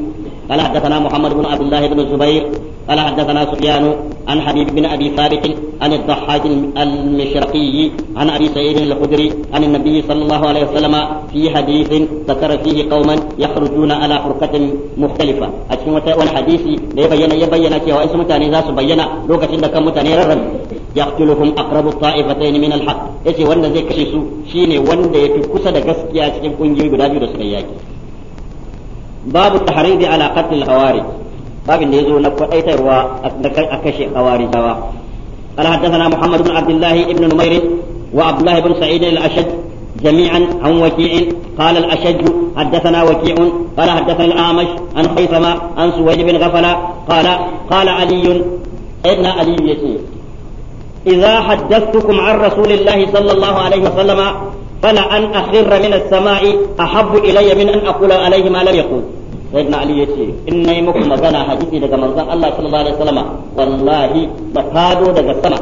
قال حدثنا محمد بن عبد الله بن الزبير قال حدثنا سفيان عن حبيب بن ابي ثابت عن الضحاك المشرقي عن ابي سعيد الخدري عن النبي صلى الله عليه وسلم في حديث ذكر فيه قوما يخرجون على حركة مختلفة أشكي والحديث يبين يبين كي وإسم تاني ذا سبينا لو كتن كم تاني رغم يقتلهم أقرب الطائفتين من الحق إيش وانا زي كشيسو شيني وانا يتكسد قسكي أشكي كنجي قدابي رسكي babu tahridi ala qatl al-khawarij babin da yazo na kwadaitarwa a kashe khawarijawa قال حدثنا محمد بن عبد الله بن نمير وعبد الله بن سعيد الأشج جميعا عن وكيع قال الأشج حدثنا وكيع قال حدثنا الأعمش عن خيثمة عن سويد بن غفلة قال قال علي ابن علي يسير إذا حدثتكم عن رسول الله صلى الله عليه وسلم فلأن أخر من السماء أحب إلي من أن أقول عليه ما لم يقول sai na ali yace in nayi muku magana hadisi daga manzon Allah sallallahu alaihi wasallama wallahi ba fado daga sama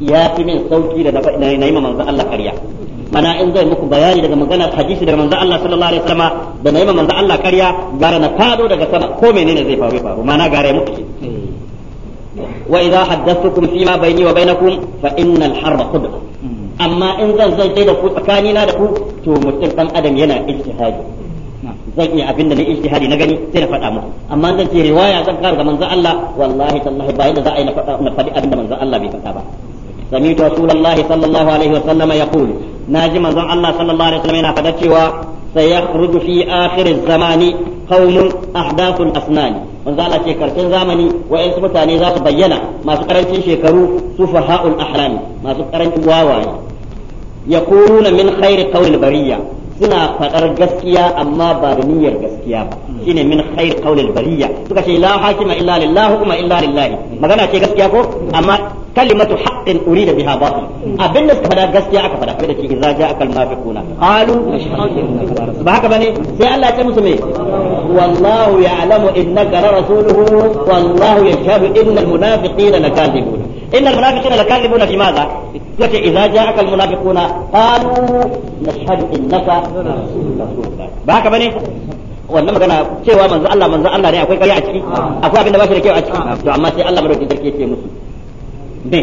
ya fi min sauki da na yi ma manzon Allah ƙarya mana in zai muku bayani daga maganar hadisi daga manzon Allah sallallahu alaihi wasallam da na yi ma manzon Allah ƙarya gara na fado daga sama ko menene zai faru faru mana gare muku shi wa idza haddathtukum fima bayni wa bainakum fa innal harra qudra amma in zan zai da ku tsakanina da ku to mutum dan adam yana ijtihadi zan iya abinda na ijtihadi na gani sai na faɗa muku amma zan ce riwaya zan kara ga manzon Allah wallahi tallahi ba yadda za a yi na faɗa na faɗi abinda manzon Allah bai faɗa ba sami'tu rasulullahi sallallahu alaihi wa sallama yaqulu naji manzon Allah sallallahu alaihi wa sallam yana faɗa cewa سيخرج في آخر الزمان قوم أحداث الأسنان وذلك في كرتين زمني وإن سمتاني ذات بينا ما سكرنتي شكرو سفهاء الأحلام ما سكرنتي واواي يقولون من خير قول البرية suna faɗar gaskiya amma ba da niyyar gaskiya ba shine min khair qaulil bariya suka ce la hakima illa lillah kuma illa lillah magana ce gaskiya ko amma kalimatu haqqin urida biha batil abinda suka fada gaskiya aka fada kada ce idza ja'aka al munafiquna qalu ba haka bane sai Allah ya ce musu me wallahu ya'lamu innaka rasuluhu wallahu yashhadu innal munafiqina lakadibun إن المنافقين لكاذبون في ماذا؟ وكي إذا جاءك المنافقون قالوا نشهد إنك رسول الله بهاك بني wannan magana cewa manzo Allah manzo Allah ne akwai kariya a ciki akwai abin da ba shi da kyau a ciki to amma sai Allah madaukakin sarki ya ce musu dai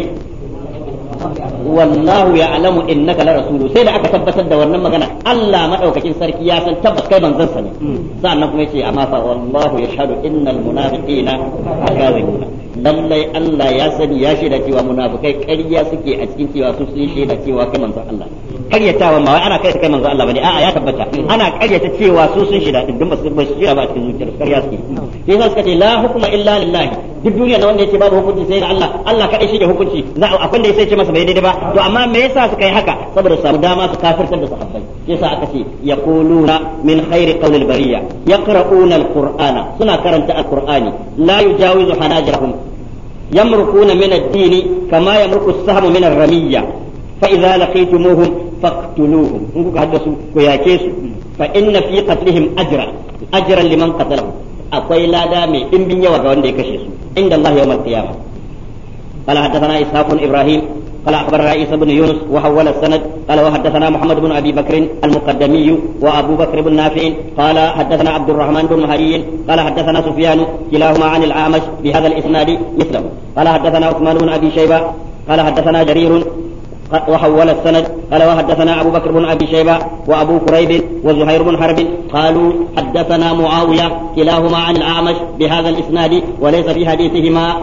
wallahu ya'lamu innaka la rasulu sai da aka tabbatar da wannan magana Allah madaukakin sarki ya san tabbas kai manzon sa ne sannan kuma yace amma fa wallahu yashhadu innal munafiqina kadhibuna lallai Allah ya sani ya shaida cewa munafikai ƙarya suke a cikin cewa su sun shaida cewa kai manzon Allah karyatawa ma wai ana kai kai manzon Allah bane a'a ya tabbata ana karyata cewa su sun shaida din ba su ba su ba cikin zuciyar ƙarya suke sai suka ce la hukuma illa lillahi duk duniya da wanda yake babu hukunci sai da Allah Allah kadai shi da hukunci za a akwai da sai ce masa bai daidai ba to amma me yasa suka yi haka saboda samu dama su kafirtar da sahabbai yasa aka ce yaquluna min khairi qawli bariya bariyya yaqra'una al suna karanta al-qur'ani la yujawizu hanajirahum yamrukuna min ad-dini kama yamruku as-sahmu min ar-ramiyya fa idza laqitumuhum faqtuluhum in kuka haddasu ku yake su fa inna fi qatlihim ajra ajran liman qatalahum akwai lada mai dimbin yawa ga wanda ya kashe su inda Allah yawmal qiyamah قال حدثنا إسحاق إبراهيم قال أخبرنا عيسى بن يونس وحول السند قال وحدثنا محمد بن أبي بكر المقدمي وأبو بكر بن نافع قال حدثنا عبد الرحمن بن مهري قال حدثنا سفيان كلاهما عن الأعمش بهذا الإسناد مثله قال حدثنا عثمان بن أبي شيبة قال حدثنا جرير وحول السند قال وحدثنا ابو بكر بن ابي شيبه وابو كريب وزهير بن حرب قالوا حدثنا معاويه كلاهما عن الاعمش بهذا الاسناد وليس في حديثهما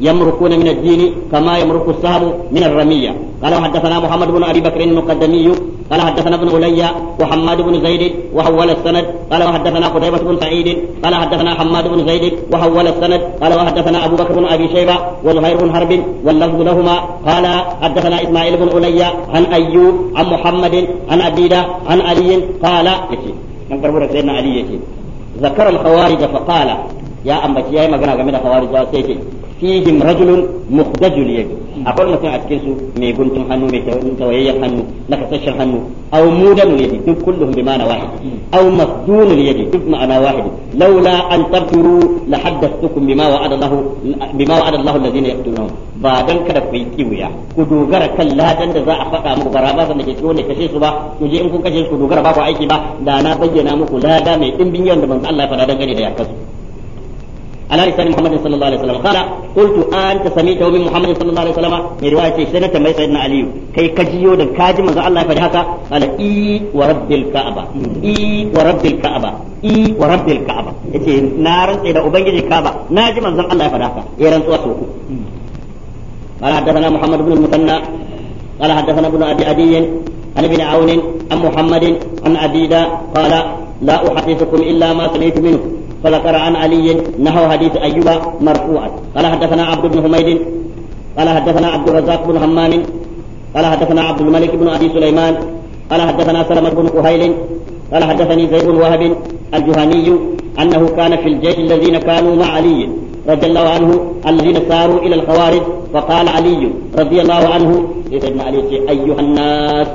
يمرقون من الدين كما يمرق السهم من الرمية قال حدثنا محمد بن أبي بكر المقدمي قال حدثنا ابن علي وحماد بن زيد وحول السند قال حدثنا قتيبة بن سعيد قال حدثنا حماد بن زيد وحول السند قال حدثنا أبو بكر بن أبي شيبة وزهير بن حرب واللفظ لهما قال حدثنا إسماعيل بن علي عن أيوب عن محمد عن أبيدة عن علي قال ذكر الخوارج فقال يا أمتي يا مغنى غمد خوارج سيتي fihim rajulun mukhdajul yad akwai mutum a cikin su mai guntun hannu mai tawayayyen hannu na kasashen hannu aw mudanul yad duk kulluhum bi ma'ana wahid aw masdunul yad duk ma'ana wahid laula an tabturu la haddathtukum bima wa'ada Allah bima wa'ada alladhina yaqtulun ba dan kada ku yi kiwiya ku dogara kan ladan da za a faɗa muku bara ba da ke tsone kashe su ba ku je in kun kashe su ku dogara ba ku aiki ba da na bayyana muku lada mai dimbin yawan da manzo Allah ya faɗa dangane da yakansu على لسان محمد صلى الله عليه وسلم قال قلت أنت سميته من محمد صلى الله عليه وسلم من رواية سنة تنبي سيدنا علي كي كجيو دن كاجي من الله فجهك قال إي ورب الكعبة إي ورب الكعبة إي ورب الكعبة يتي نار إذا أبنجي الكعبة ناجي من الله فجهك يرن سوى قال حدثنا محمد بن المثنى قال حدثنا ابن أبي عدي عن ابن عون عن محمد عن عبيدة قال لا أحدثكم إلا ما سمعت منه فذكر عن علي نحو حديث أيوب مرفوعا قال حدثنا عبد بن حميد قال حدثنا عبد الرزاق بن همام قال حدثنا عبد الملك بن أبي سليمان قال حدثنا سلمة بن كهيل قال حدثني زيد بن وهب الجهني أنه كان في الجيش الذين كانوا مع علي رضي الله عنه الذين ساروا إلى الخوارج فقال علي رضي الله عنه سيدنا علي أيها الناس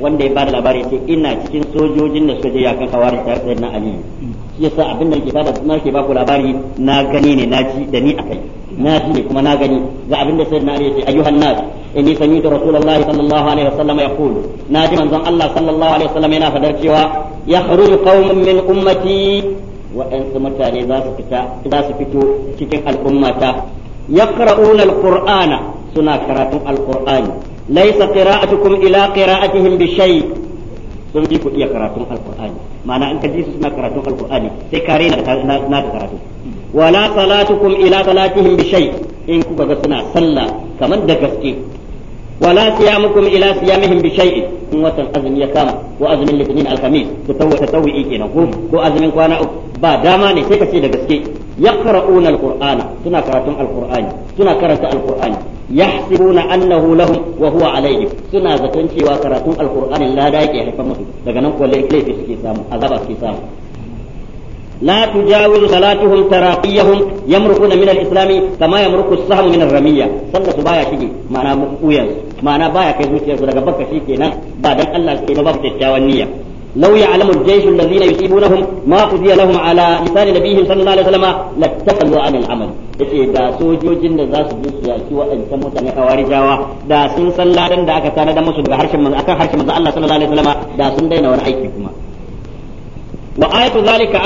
wanda ya bada labari ce ina cikin sojojin da suka je yakan kawari tare da na aliyu shi yasa abin da yake bada na ke baku labari na gani ne na ji da ni akai na ji ne kuma na gani ga abin da sayyidina Ali ya ayyuhan nas inni sami'tu rasulullahi sallallahu alaihi wasallam yaqulu na ji manzon Allah sallallahu alaihi wasallam yana fadar cewa yakhruju qaumun min ummati wa'ansu mutane za su fita za su fito cikin al'ummata yaqra'una suna karatun alqur'ani laysa qira'atukum ila qira'atihim bi shay' sun yi ku iya karatun alqur'ani ma'ana in ka su suna karatun alqur'ani sai kare rena na da karatu wala salatukum ila salatihim bi shay in kuka ga suna sallah kamar da gaske ولا صيامكم الى صيامهم بشيء watan azumi ya kama ko azumin litinin alhamis ta tawo ta tawo kenan ko azumin kwana uku ba dama ne sai ka ce da gaske yaqra'una alqur'ana suna karatun alqur'ani suna karanta alqur'ani yahsibuna annahu lahum wa huwa alayhim suna zaton cewa karatun alqur'ani lada yake haifar musu daga nan ko laifi suke samu azaba suke samu لا تجاوز صلاتهم تراقيهم يمرقون من الإسلام كما يمرق السهم من الرمية صلى سبايا شيء معنى مقويا ma'ana baya kai zuciyar daga bakka kenan ba dan Allah ke ba kyakkyawan niyya لو يعلم الجيش الذين يصيبونهم ما قضي لهم على لسان نبيهم صلى الله عليه وسلم لاتقلوا عن العمل yace da sojojin da za su je su yaki waɗancan mutane kawarijawa da sun san ladan da aka tanada musu daga harshen manzo akan harshen manzo Allah sallallahu alaihi wasallam da sun daina wani aiki kuma wa ayatu zalika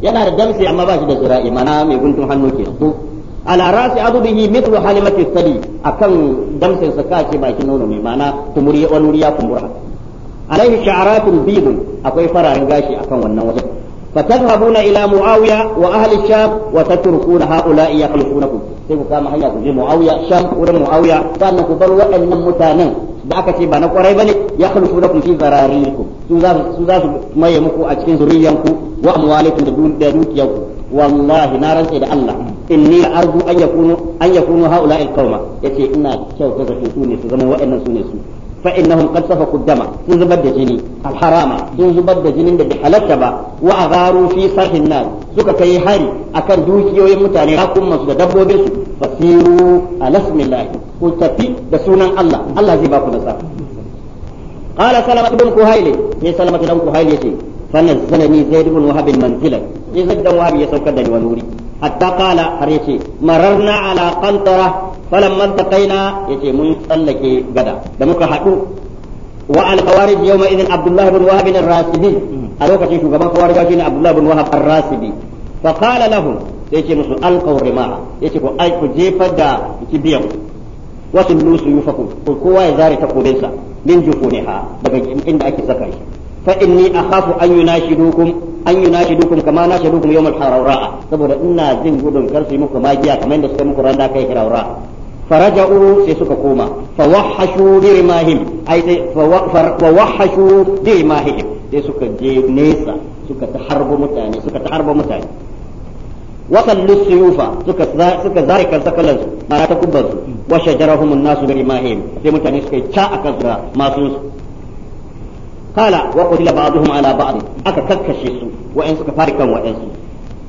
yana da damsi amma ba shi da zira'i mana mai guntun hannu ke ko ala rasi adubihi mithlu halimati sali akan damsin sa kace bakin nono mai mana kumuri wani wuri ya alaihi sha'aratun bidun akwai fararen gashi akan wannan wajen فتذهبون إلى معاوية wa الشام وتتركون هؤلاء يخلفونكم sai ku kama hanya ku je Muawiya Sham wurin Muawiya sannan ku bar waɗannan mutanen da aka ce ba na kwarai bane ya khulufu lakum fi zararikum su za su za su maye muku a cikin zuriyanku wa amwalikum da dukiyanku wallahi na rantsa da Allah inni arju an yakunu an yakunu haula al-qauma yace ina kyauta da su ne su zama wa'annan su ne su fa innahum qad safaku dama sun zubar da jini al-harama sun zubar da jinin da bai halarta ba wa agharu fi sarhin nar suka kai hari akan dukiyoyin mutane rakun masu da dabbobin su fasiru alasmillahi ku tafi da sunan Allah Allah zai ba ku nasara قال سلمة بن كهيل يا سلمة بن كهيل يتي فنزلني زيد بن وهب منزلا زيد بن وهب يسوكدني ونوري حتى قال حريتي مررنا على قنطرة falan manta kaina ya ce mun tsallake gada da muka haɗu wa alfawarij yau ma'izin abdullah bin wahab a lokacin shugaban kawarij ya ne abdullah bin wahab bin rasidi fa kala lahu musu alkaw rima'a ya ce ai ku jefar da kibiyan wasu lusu yufaku ku kowa ya zare takobinsa min jukuniha daga inda ake saka shi fa inni akhafu an yunashidukum an yunashidukum kama nashidukum yawm al-harara saboda ina jin gudun kar su muku magiya kamar yadda suka muku randa kai harara فرجعوا في سككوما فوحشوا برماهم أي فوحشوا برماهم sai suka je nesa suka ta harba mutane suka ta harba mutane wakallu suyufa suka suka zare kan mara ta kubban su wa shajarahum an mahim sai mutane suka yi ca akan su masu su kala ala aka kakkashe su wa'in fari kan wa'in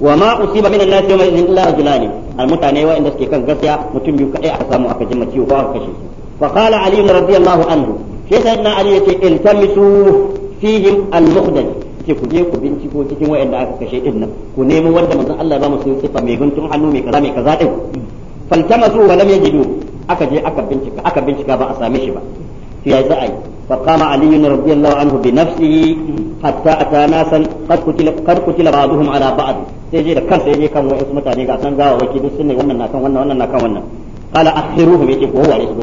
wa ma usiba min an-nas yawma idhin illa rajulani al-mutane wa inda suke kan gaskiya mutum biyu kadai aka samu aka jima ciwo ko aka kashe su fa qala anhu sai sayyidina ali yace iltamisu fihim al-mukhdaj ku je ku binciko cikin wayanda aka kashe din nan ku nemo wanda manzon Allah ya ba mu sun sifa mai guntun hannu mai kaza mai kaza din faltamasu wa lam yajidu aka je aka bincika aka bincika ba a same shi ba to ya za a yi فقام علي رضي الله عنه بنفسه حتى أتى ناسا قد قتل, قد قتل بعضهم sai je da kansa ya je kan wasu mutane ga san gawa waki duk sunne wannan na kan wannan wannan na kan wannan qala akhiruhum yake ko ware su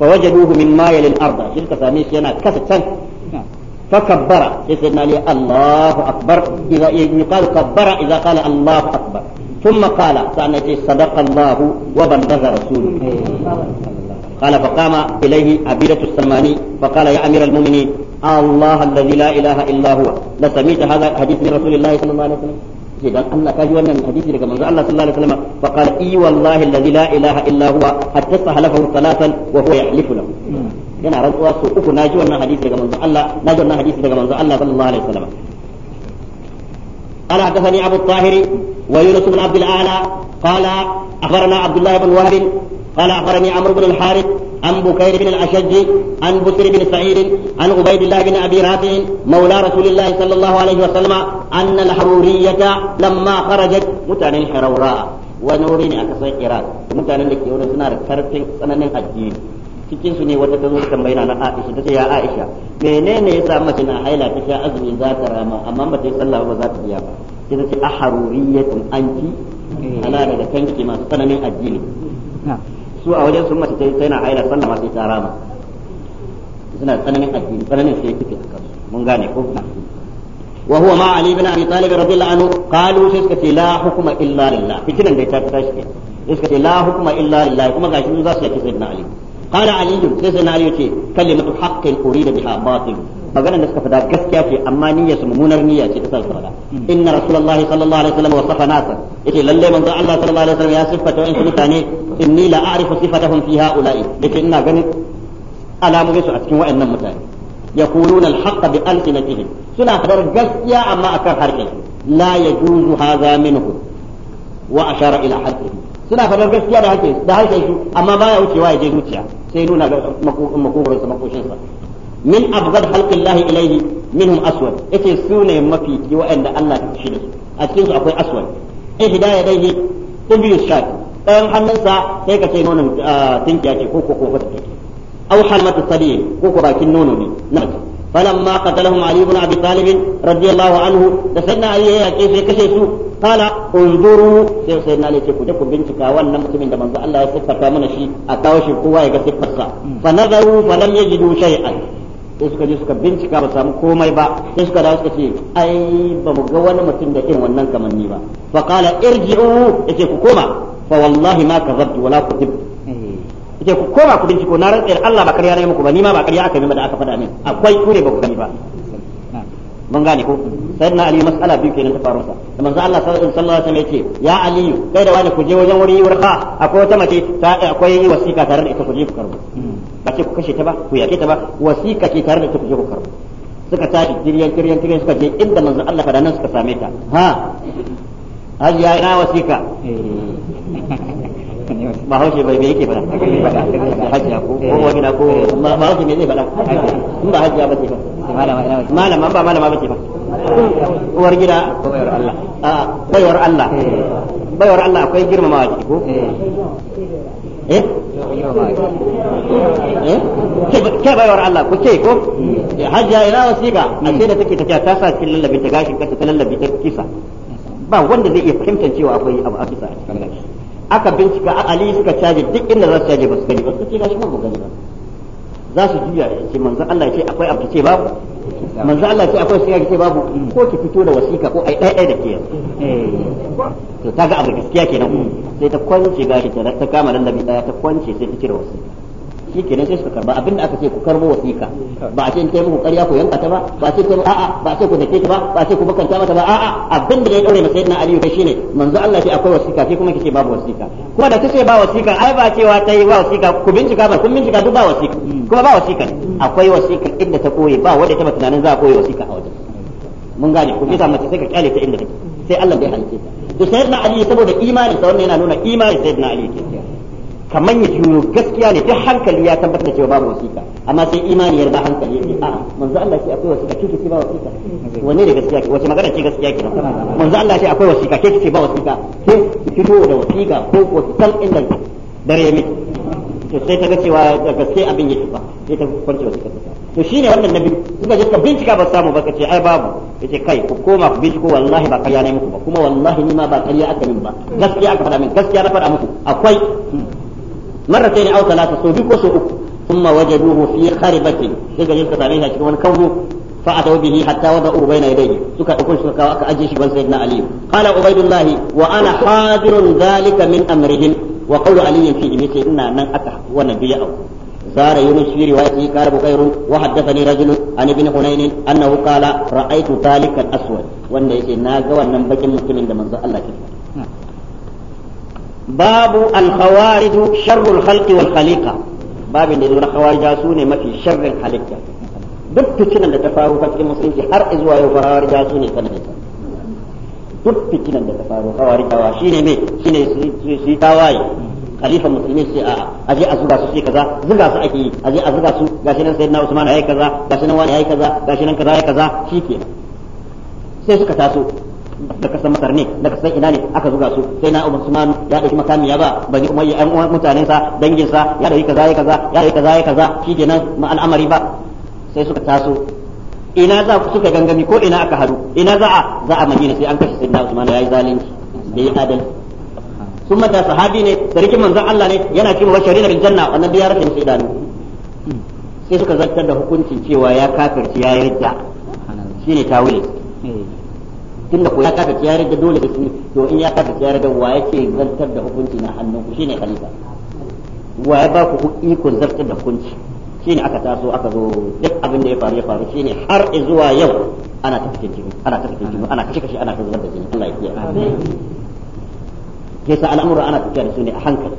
fa wajaduhu al shi ka same shi yana kasa can fa kabbara sai sai nali Allahu akbar idza kabbara idza qala Allahu akbar thumma qala sadaqa wa قال فقام إليه عبيدة فقال يا أمير المؤمنين الله الذي لا إله إلا هو لسميت هذا الحديث من رسول الله صلى الله عليه وسلم ce dan Allah ka ji wannan hadisi daga manzo Allah sallallahu alaihi wasallam fa qala i wallahi alladhi la ilaha illa huwa hatta sahalafahu salatan wa huwa yahlifu lahu yana rantsuwa so uku naji wannan hadisi daga manzo Allah naji wannan hadisi daga manzo Allah sallallahu alaihi wasallam قال حدثني ابو الطاهر ويونس بن عبد الاعلى قال اخبرنا عبد الله بن وهب قال أخبرني عمرو بن الحارث عن بكير بن an عن بسر بن سعيد عن عبيد الله بن أبي رافع مولى رسول الله صلى الله عليه وسلم أن الحرورية لما خرجت متعن حرورا ونورين أكسي إيران متعن لك يورو سنار كارتين سنن الحجين cikin su ne wata ta zo ta tambaye na Aisha ta ce Aisha menene yasa mace na haila ta sha azumi za ta rama amma ba ta yi sallah ba za ta biya ba ki ta ce ahruriyatun anti ana daga kanki masu tsananin addini su a wajen sun mace sai na haila sallah ma sai ta rama suna tsananin addini tsananin sai fike a kansu mun gane ko kuma wa huwa ma ali ibn abi talib radiyallahu anhu qalu sai suka ce la hukuma illa lillah fitinan dai ta tashi ke sai suka ce la hukuma illa lillah kuma gashi mun za su yake sayyidina ali qala ali sai sayyidina ali maganar da suka fada gaskiya ce amma niyyar su mummunar niyya ce ta sa fada inna rasulullahi sallallahu alaihi wasallam wasafa nasa yace lalle manzo Allah sallallahu alaihi wasallam ya siffata wa'in mutane inni la a'rifu sifatahum fi ha'ula'i yace ina ganin alamomin su a cikin wa'annan mutane bi يقولون الحق بألسنتهم سنة فدر قسيا أما أكر حركه لا يجوز هذا منهم وأشار إلى حركه suna faɗar gaskiya da harke da harshen su amma baya wucewa ya je zuciya sai nuna makogoron sa makoshin sa min abghad khalqillahi ilayhi minhum aswad yace su ne mafi ji wa'anda Allah ta shi a cikin su akwai aswad ihda yadayhi hannunsa sai ka ce nonon ah, ce ko ko fata ce aw halmatu ko ko bakin nono ne na فلما قتلهم علي بن ابي طالب رضي الله عنه دسنا علي يا كيف كشيتو قال sai ce ku je ku bincika wannan mutumin da manzo Allah ya siffata mana shi a kawo shi kowa ya ga siffarsa mm. fa nazaru fa yajidu shay'an sai suka je suka bincika ba samu komai ba sai suka dawo suka ce ai ba mu ga wani mutum da irin wannan kamanni ba fa qala irji'u yace ku koma fa wallahi ma kazabtu wala kutib yace ku koma ku binciko na rantsar Allah ba karya ne muku ba ni ma ba ƙarya aka yi da aka faɗa min akwai kure ba ku gani ba mun gane ko sayyidina ali mas'ala biyu kenan ta faru sa da manzo Allah sallallahu alaihi wasallam yace ya ali kai da wani ku je wajen wuri warqa akwai wata mace ta akwai wasika tare da ita ku je ku karbo ba ce ku kashe ta ba ku yake ta ba wasika ke tare da ita ku je ku karbo suka tashi kiryan kiryan kiryan suka je inda manzo Allah fada nan suka same ta ha hajiya ina wasika ba haushe bai bai yake hajiya ko ko ko ba zai faɗa in ba hajiya ba ce ba malama ba malama ba ce ba uwar gida bayar Allah bayar Allah bayar Allah akwai ko ke bayar Allah ko hajiya ina wasiƙa a ce da take tafiya ta sa cikin lallabi ta gashin kanta ta lallabi ta kisa ba wanda zai iya fahimtar cewa akwai abu a kisa a cikin gashi aka bincika a ali suka caje duk inda za su caje ba su gani ba su ce gashi ba gani ba za su juya ce manzon Allah ce akwai abu ce babu manzon Allah ce akwai sai ce babu ko ki fito da wasika ko ai ɗaya da ke eh. to ta ga abu gaskiya kenan mm. sai ta kwance gashi ta kama nan da ta kwance sai ta cire wasika shikenan sai suka karba abinda aka ce ku karbo wasika ba a ce in kai muku ƙarya ku yanka ta ba ba a ce ku a'a ba a ce ku zake ta ba ba a ce ku bakanta mata ba a'a abinda da ya daure masa yadda Aliyu kai shine manzo Allah ce akwai wasika sai kuma kike babu wasika kuma da kace ba wasika ai ba cewa ta yi ba wasika ku bincika ba kun bincika duk ba wasika kuma ba wasika akwai wasika inda ta koyi ba wanda ta ba tunanin za a koyi wasika a wajen mun gane ku kisa mace sai ka kyale ta inda take sai Allah bai halice ta to sayyidina aliyu saboda imani sa wannan yana nuna imani sayyidina Ali kenan kamar ya juyo gaskiya ne duk hankali ya tabbatar da cewa babu wasiƙa amma sai imani ba hankali ne a'a manzo Allah ce akwai wasiƙa kike ce ba wasiƙa wanne ne gaskiya ke wace magana ce gaskiya ke manzo Allah ce akwai wasiƙa kike ce ba wasiƙa ke ki fito da wasiƙa ko ko ki inda dare miki to sai ta ga cewa gaske abin yake ba sai ta kwance wasiƙa to shine wannan nabi suka je ka bincika ba samu ba kace ai babu yace kai ku koma ku binciko wallahi ba ƙarya ne muku ba kuma wallahi ni ma ba kariya aka min ba gaskiya aka faɗa min gaskiya na faɗa muku akwai marratayn aw thalatha so biyu ko so uku thumma wajaduhu fi kharibatin sai ga jinka same shi cikin wani kauro fa atau bihi hatta wada'u bayna yadayhi suka dauko shi kawo aka ajiye shi ban sayyidina ali qala ubaidullah wa ana hadirun dhalika min amrihim wa qawlu ali fi ina nan aka wannan biya au صار يونس في روايته قال بخير وحدثني رجل عن ابن حنين انه قال رايت ذلك الاسود وان يجي ناغا wannan bakin mutumin da manzo Allah ke babu alkhawariju sharrul khalqi wal khaliqa babin da zuwa khawarija su ne mafi sharrin halitta duk fitinan da ta faru fa musulunci har zuwa yau khawarija su ne sanadinsa duk fitinan da ta faru khawarijawa shine me shine su yi tawaye khalifa musulmi sai a aje a zuga su kaza zuga su ake yi a zuga su gashi nan sayyidina Usman yayi kaza gashi nan wani yayi kaza gashi nan kaza yayi kaza shikenan sai suka taso da kasan masar ne da kasan ina ne aka zuga su sai na umar suman ya dauki makami ya ba bani umayya yan uwan mutanen sa dangin sa ya dauki kaza ya kaza ya dauki kaza ya kaza shikenan ma al'amari ba sai suka taso ina za ku suka gangami ko ina aka haru ina za a za a madina sai an kashe sayyidina usman yayi zalunci yi adal sun mata sahabi ne sarkin manzon Allah ne yana cewa basharin bil janna wannan biyar da sai idanu sai suka zartar da hukuncin cewa ya kafirci ya yarda shine tawili eh. tunda ko ya kasa tiyare da dole da su to in ya kasa tiyare da wa yake zartar da hukunci na hannun ku shine khalifa wa ya ba ku ikon zartar da hukunci shine aka taso aka zo duk abin da ya faru ya faru shine har zuwa yau ana ta cikin jini ana ta cikin jini ana kashe kashe ana ta zubar da jini Allah ya kiyaye yasa al'amura ana tafiya da su ne a hankali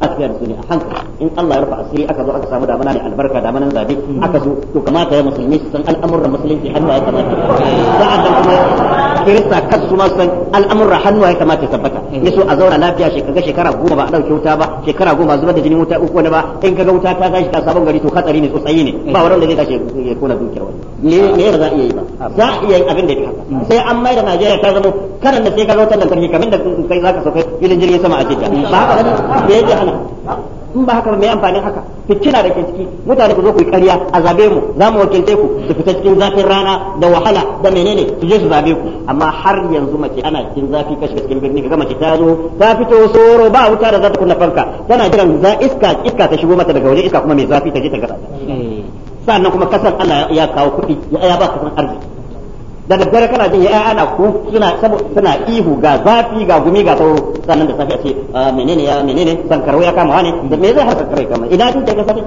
aka yarda ne a hankali in Allah ya rufa asiri aka zo aka samu damana ne albarka damanan zabe aka zo to kamata ya musulmi su san al'amuran musulunci hannu ya kamata sa'an nan kuma kirista kan su ma san al'amurra hannu ya kamata ya tabbata ya so a zauna lafiya shekara shekara goma ba a dauke wuta ba shekara goma zubar da jini wuta uku wani ba in kaga wuta ta tashi ta sabon gari to hatsari ne tsotsayi ne ba wanda zai tashi ya kona dukiyar wani me me ba za a iya yi ba za a iya yin abin da ya haka mm. sai an mai da Najeriya ta zama karan da sai ka zautar lantarki kamar da kai zaka sauka gidan jirgin sama a Jidda mm. ba haka ba me yake hana in ba haka ba me amfanin haka fitina da ke ciki mutane ku zo ku yi ƙarya a zabe mu za mu wakilce ku su fita cikin zafin rana da wahala da menene su je su zabe ku amma har yanzu mace ana cikin zafi kashi cikin birni kaga mace ta zo ta fito soro ba wuta da za ta kunna fanka tana jiran za iska iska ta shigo mata daga waje iska kuma mai zafi ta je ta gasa eh. sannan kuma kasan Allah ya kawo kuɗi ya ba kasan arziki da daddare kana jin ya ana ku suna suna ihu ga zafi ga gumi ga sauro sannan da safi a ce ah, menene ya menene sankarau ya kama wani da me zai haka kare kama ina tun ta safi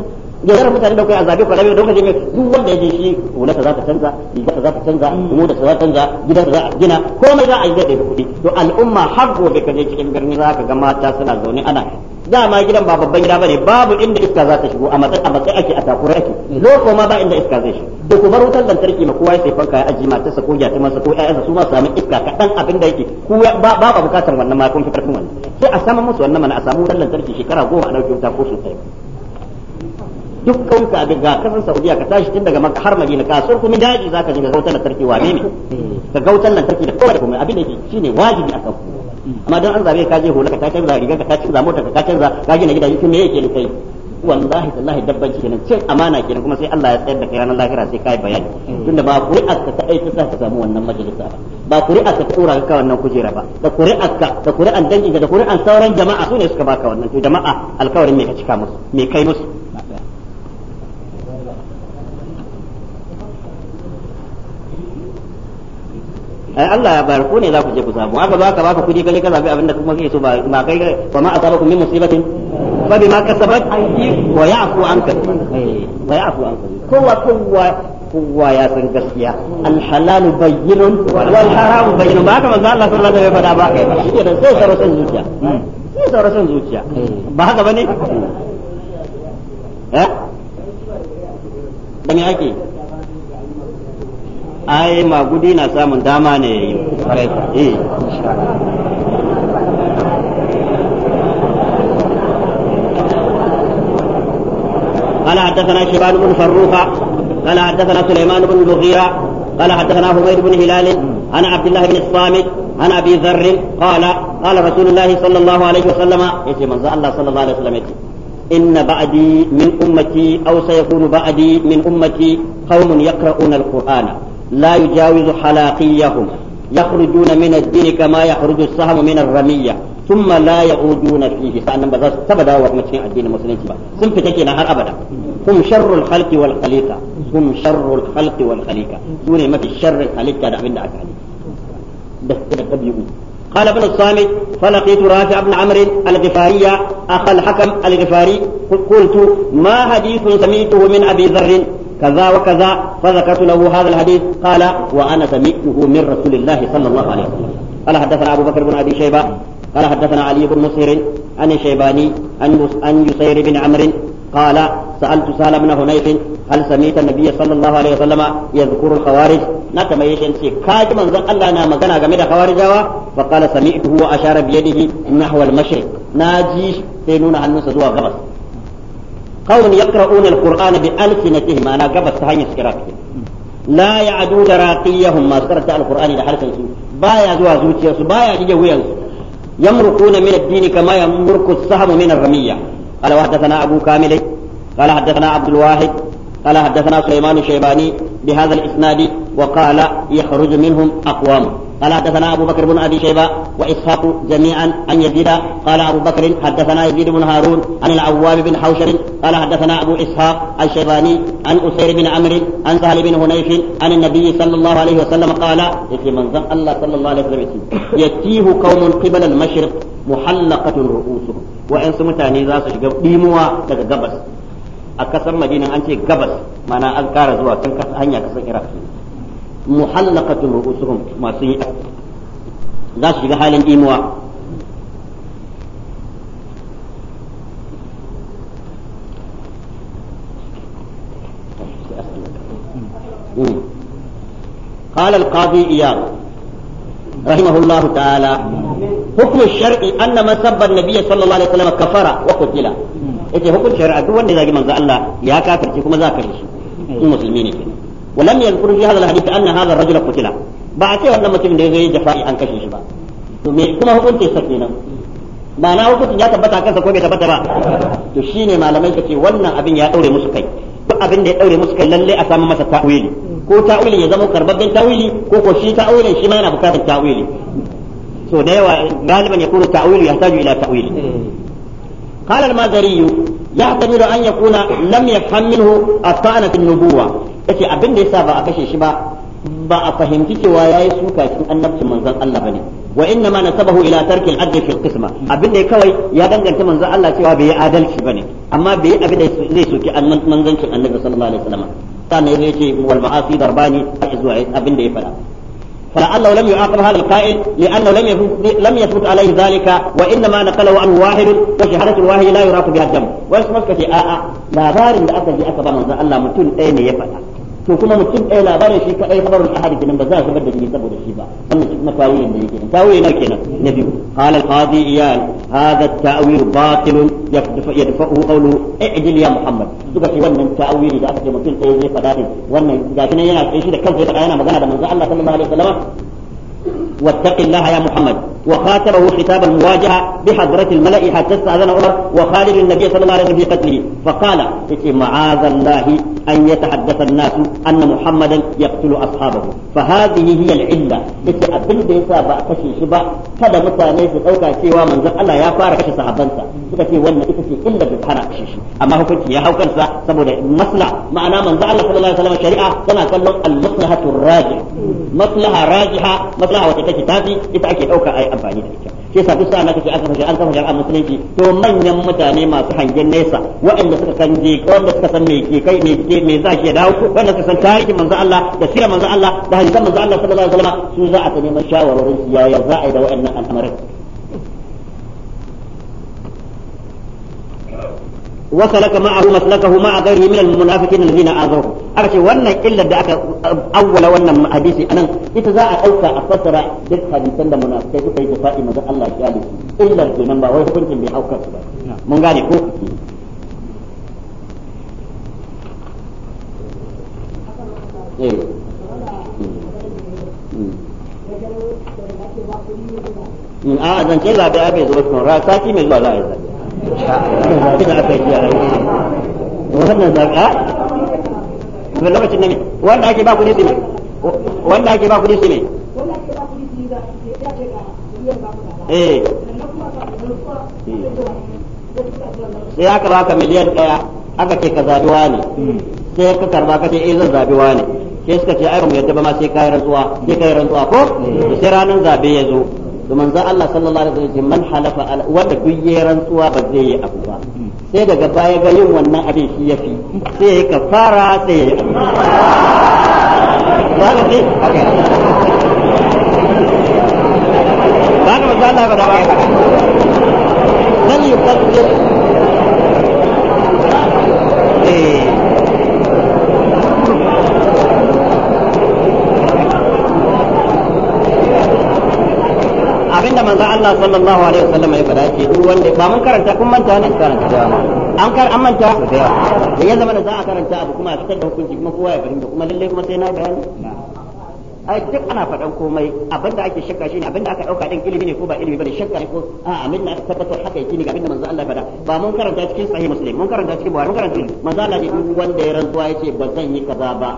ya zara mutane da kai a zabe ko rabe lokaci ne duk wanda ya je shi wulata za ta canza riga za ta canza mu da za canza gida za a gina komai za a yi da kuɗi to al'umma har gobe ka je cikin birni za ka ga mata suna zaune ana dama gidan ba babban gida bane babu inda iska za ta shigo a matsayi a matsayi ake a takura ake loko ma ba inda iska zai shigo da kuma wutar lantarki ma kowa ya sai fanka ya aji matarsa ko masa ko ƴaƴansa su ma samu iska kaɗan abin da yake ku ba ba bukatar wannan ma kun fi karfin wannan sai a samu musu wannan mana a samu wutar lantarki shekara goma a ɗauke wuta ko su tsaye duk kauyuka a daga kasar Saudiya ka tashi tun daga Makka har Madina kasuwar kuma daji zaka ji ga wutar lantarki wane ne ka ga wutar lantarki da kowa da kuma abin da yake shine wajibi a kanku amma don an zabe ka je hula ka canza riga ka canza mota ka canza ka gina gidaje kin me yake ne kai wallahi tallahi dabbanci kenan cin amana kenan kuma sai Allah ya tsayar da kai ranar lahira sai kai bayani tunda ba kuri'a ka ta sa ka samu wannan majalisa ba ba kuri'a ka tsora ka wannan kujera ba da kuri'a ka da kuri'an dangin da kuri'an sauran jama'a su ne suka baka wannan to jama'a alƙawarin me ka cika musu me kai musu ai eh, Allah ya bayar ne za ku je ku samu aka ba ka baka kuɗi kaje ka zabi abin da kuma kake so ba ba kai wa ma asabakum min musibatin fa bima kasabat wa ya'fu an eh, wa ya'fu an kowa kowa kowa ya san gaskiya al halalu bayyinun wal haramu bayyinun ba haka manzo Allah sallallahu alaihi wasallam ya ba kai ba shi ne sai zuciya sai zuciya ba haka bane eh ai magudi na samun dama ne yayi eh قال حدثنا شيبان بن فروخة قال حدثنا سليمان بن المغيرة قال حدثنا حميد بن هلال عن عبد الله بن الصامت عن ابي ذر قال قال رسول الله صلى الله عليه وسلم يتي من الله صلى الله عليه وسلم يتي إن بعدي من أمتي أو سيكون بعدي من أمتي قوم يقرؤون القرآن لا يجاوز حلاقيهم يخرجون من الدين كما يخرج السهم من الرمية ثم لا يعودون فيه فأنا بذلك تبدا ومتشين الدين المسلمين سن فتكينا هر أبدا هم شر الخلق والخليقة هم شر الخلق والخليقة سوري ما في شر الخليقة دعمنا أكاد بس قال ابن الصامت فلقيت رافع بن عمرو الغفاري أخ الحكم الغفاري قلت ما حديث سميته من أبي ذر كذا وكذا فذكرت له هذا الحديث قال وأنا سمعته من رسول الله صلى الله عليه وسلم قال حدثنا أبو بكر بن أبي شيبة قال حدثنا علي بن مسير عن الشيباني عن يسير بن عمرو قال سألت سهل بن هنيف هل سمعت النبي صلى الله عليه وسلم يذكر الخوارج نتميش انسي كاج من ذن الله انا مغنى جميل خوارج فقال سمعته واشار بيده نحو المشرق ناجيش سينون عن نسزوا غبس قوم يقرؤون القرآن بألسنتهم أنا قبل سهي سكرات لا يعدون راقيهم ما سكرت القرآن إذا حركة بايا زوا زوجي بايا جويا يمرقون من الدين كما يمرق السهم من الرمية قال وحدثنا أبو كامل قال حدثنا عبد الواحد قال حدثنا سليمان الشيباني بهذا الإسناد وقال يخرج منهم أقوام قال حدثنا أبو بكر بن أبي شيبة وإسحاق جميعا عن يزيد قال أبو بكر حدثنا يزيد بن هارون عن العوام بن حوشر قال حدثنا أبو إسحاق الشيباني عن أسير بن عمرو عن سهل بن هنيف عن النبي صلى الله عليه وسلم قال يتي من الله صلى الله عليه وسلم يتيه قوم قبل المشرق محلقة رؤوسهم وإن سمتاني ذا سجب ديموا تجبس a kasar madina an ce gabas mana an kara zuwa kan hanya kasar iraq muhallaqatun ru'usuhum masu yi za su shiga halin imuwa قال القاضي إياه رحمه الله تعالى حكم الشرع أن من سب النبي صلى الله عليه وسلم كفر وقتل إذا حكم الشرع دون ذلك من الله يا كافر كما ذاكر مسلمين ولم يذكر في هذا الحديث أن هذا الرجل قتل ba a ce wannan mutumin da ya zai jafa'i an kashe shi ba to me kuma hukuncin sa kenan ma'ana hukuncin ya tabbata kansa ko bai tabbata ba to shine malamai ka wannan abin ya daure musu kai duk abin da ya daure musu kai lalle a samu masa ta'wili ko ta'wilin ya zama karbabben ta'wili ko ko shi ta'wilin shi ma yana bukatar ta'wili so da yawa galiban ya kuru ta'wili yahtaju ila ta'wili قال المازري يحتمل أن يكون لم يفهم منه الطعن في النبوة yace abin da yasa ba a kashe shi ba ba a fahimci cewa yayi suka cikin annabcin manzon Allah bane wa inna ma nasabahu ila tarki al-adl fi al-qisma abin da kawai ya danganta manzon Allah cewa bai yi adalci bane amma bai yi abin da zai soki manzancin annabi sallallahu alaihi wasallam sannan yace wal ma'asi darbani zuwa abin da ya fada فلعله لم يعاقب هذا القائل لأنه لم يفوت لم يثبت عليه ذلك وإنما نقله عنه واحد وشهادة الواحد لا يراق بها الدم ويسمك في آآ لا بارد أكد أكبر من الله متون أين يفتح to kuma mutum ɗaya labarin shi kaɗai khabarul ahadi kenan ba za a zubar da jini saboda shi ba wannan shi kuma da yake na kenan na biyu qala al qadi iyal hadha at ta'wil batil yadfa'u qawlu ya muhammad duka shi wannan ta'wili da aka ce mutum ɗaya zai faɗa wannan gashi nan yana tsaye shi da kansa ya faɗa yana magana da manzo Allah sallallahu alaihi wasallam واتق الله يا محمد وخاتمه خطاب المواجهة بحضرة الملأ حتى استأذن عمر وخالد النبي صلى الله عليه وسلم في قتله فقال معاذ الله أن يتحدث الناس أن محمدا يقتل أصحابه فهذه هي العلة التي أبن بيسا بأكشي شبا كذا مثلا ليس أوكا سوى من ذا الله يا فارك شي صحبانسا تكي ولا إكسي إلا بفحرا أما هو كنت يا هو كنسا سبودا مصلح معنى من ذا الله صلى الله عليه وسلم شريعة سنة كلهم المصلحة الراجحة مصلحة راجحة مصلحة maslaha wata take tafi ita ake dauka ai amfani da ita shi yasa duk sa'a aka fashe an kafa a musulunci to manyan mutane masu hangen nesa waɗanda suka san je wanda suka san me ke kai me ke me za ki dawo wanda suka san tarihi manzo Allah da sirar manzo Allah da hadisan manzo Allah sallallahu alaihi wasallam su za a ta neman shawarwarin su yaya za a yi da waɗannan al'amuran وسلك معه مسلكه مع غيره من المنافقين الذين آذوه aka ce wannan illar da aka awala wannan hadisi anan ita za a ɗauka a fassara duk hadisan da munafikai suka yi fa'i maza Allah ya yi illar kenan ba wai hukuncin bai aukar su ba ko a sati za yi kina eh, aka wannan zaka lokacin ba miliyan daya aka ce ka zabi wani sai ka karba ka ce eh zan zabi wani sai suka ce ai yadda ba ma sai kai rantsuwa ko sai ranar zabe ya zo da manzon Allah sallallahu alaihi wasallam man halafa wanda duk yayi rantsuwa ba zai yi abu ba sai daga baya ga yin wannan abin shi yafi sai ya kafara sai ya yi ba ga ne ba ga manzon Allah ba da ba Allah sallallahu alaihi wasallam ya faɗa ce duk wanda ba mun karanta kun manta ne karanta da yawa an kar an manta da yawa da ya zama da za a karanta abu kuma a fitar da hukunci kuma kowa ya fahimta kuma lalle kuma sai na bayani ai duk ana faɗan komai abinda ake shakka shine abinda aka dauka din ilimi ne ko ba ilimi bane shakka ne ko a abinda aka tabbatar haka yake ne ga abinda manzo Allah faɗa ba mun karanta cikin sahih muslim mun karanta cikin buhari mun karanta manzo Allah ne duk wanda ya rantsuwa yace ba zan yi kaza ba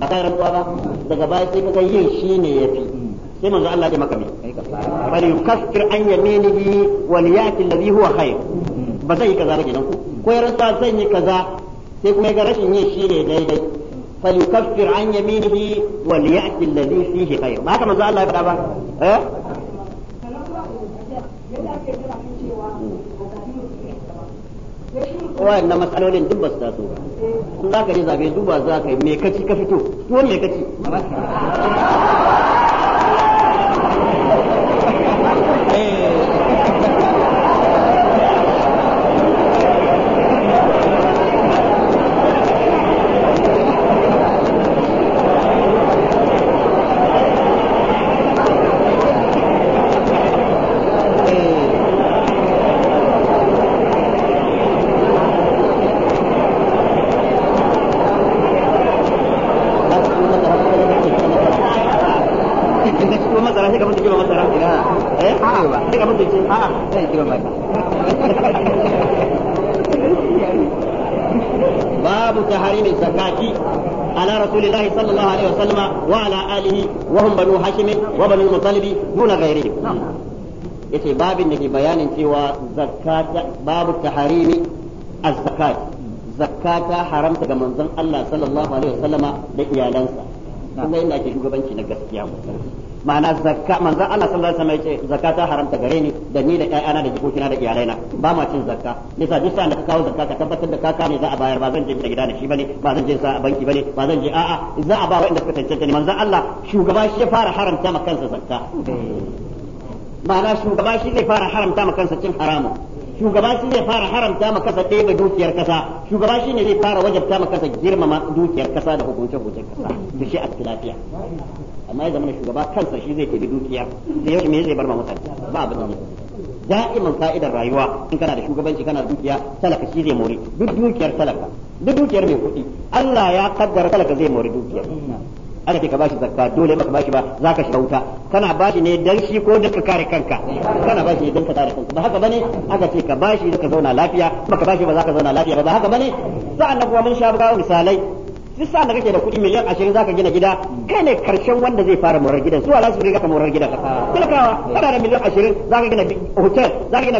ba ka rantsuwa ba daga baya sai ka yin shine yafi sai manzo Allah ya maka ne bal yukaffir an yaminihi wal yati alladhi huwa khair ba zai kaza ba kenan ku ko ya rasa zan yi kaza sai kuma ga rashin yin shi ne daidai fal yukaffir an yaminihi wal yati alladhi fihi khair ba haka manzo Allah ya faɗa ba eh wayannan matsalolin duk ba su taso ba in za ka je zabe duba za ka yi me kaci ka fito tuwon me kaci وهم بنو هاشم وبنو المطلب دون غيرهم yace babin da ke bayanin cewa zakata babu taharimi az-zakat zakata haramta ga manzon Allah sallallahu alaihi wasallama da iyalansa kuma inda ke shugabanci na gaskiya ma'ana zakka manzon Allah sallallahu alaihi wasallam yace zakata haramta gare ni da ni da ƴaƴana da jikokina da iyalaina ba ma cin zakka yasa duk sa'an da ka kawo zakka ka tabbatar da kaka ne za a bayar ba zan je da gida da shi bane ba zan je sa a banki bane ba zan je a'a za a ba wa inda suka cancanta ne manzon Allah shugaba shi ya fara haramta ma kansa zakka ma'ana shugaba shi zai fara haramta ma kansa cin haramun shugaba shi zai fara haramta ma kasa ɗebe dukiyar kasa shugaba shi ne zai fara wajabta ma kasa girmama dukiyar kasa da hukunce hukuncen kasa da shi a lafiya amma ya zama shugaba kansa shi zai ɗebi dukiya da yau me zai bar ma mutane ba abin da da'iman fa'idar rayuwa in kana da shugabanci kana da dukiya talaka shi zai mori duk dukiyar talaka duk dukiyar mai kuɗi Allah ya kaddara talaka zai mori dukiyar aka ce ka bashi zakka dole baka bashi ba za ka shiga wuta kana bashi ne dan shi ko dan ka kare kanka kana bashi ne dan ka kare kanka ba haka bane aka ce ka bashi ka zauna lafiya baka bashi ba za ka zauna lafiya ba haka bane sa'an nan kuma mun sha ba misalai duk sa'an da kake da kuɗi miliyan ashirin zaka gina gida kai ne karshen wanda zai fara murar gidan su wala su riga ka morar gidan talakawa kana da miliyan ashirin zaka gina hotel zaka gina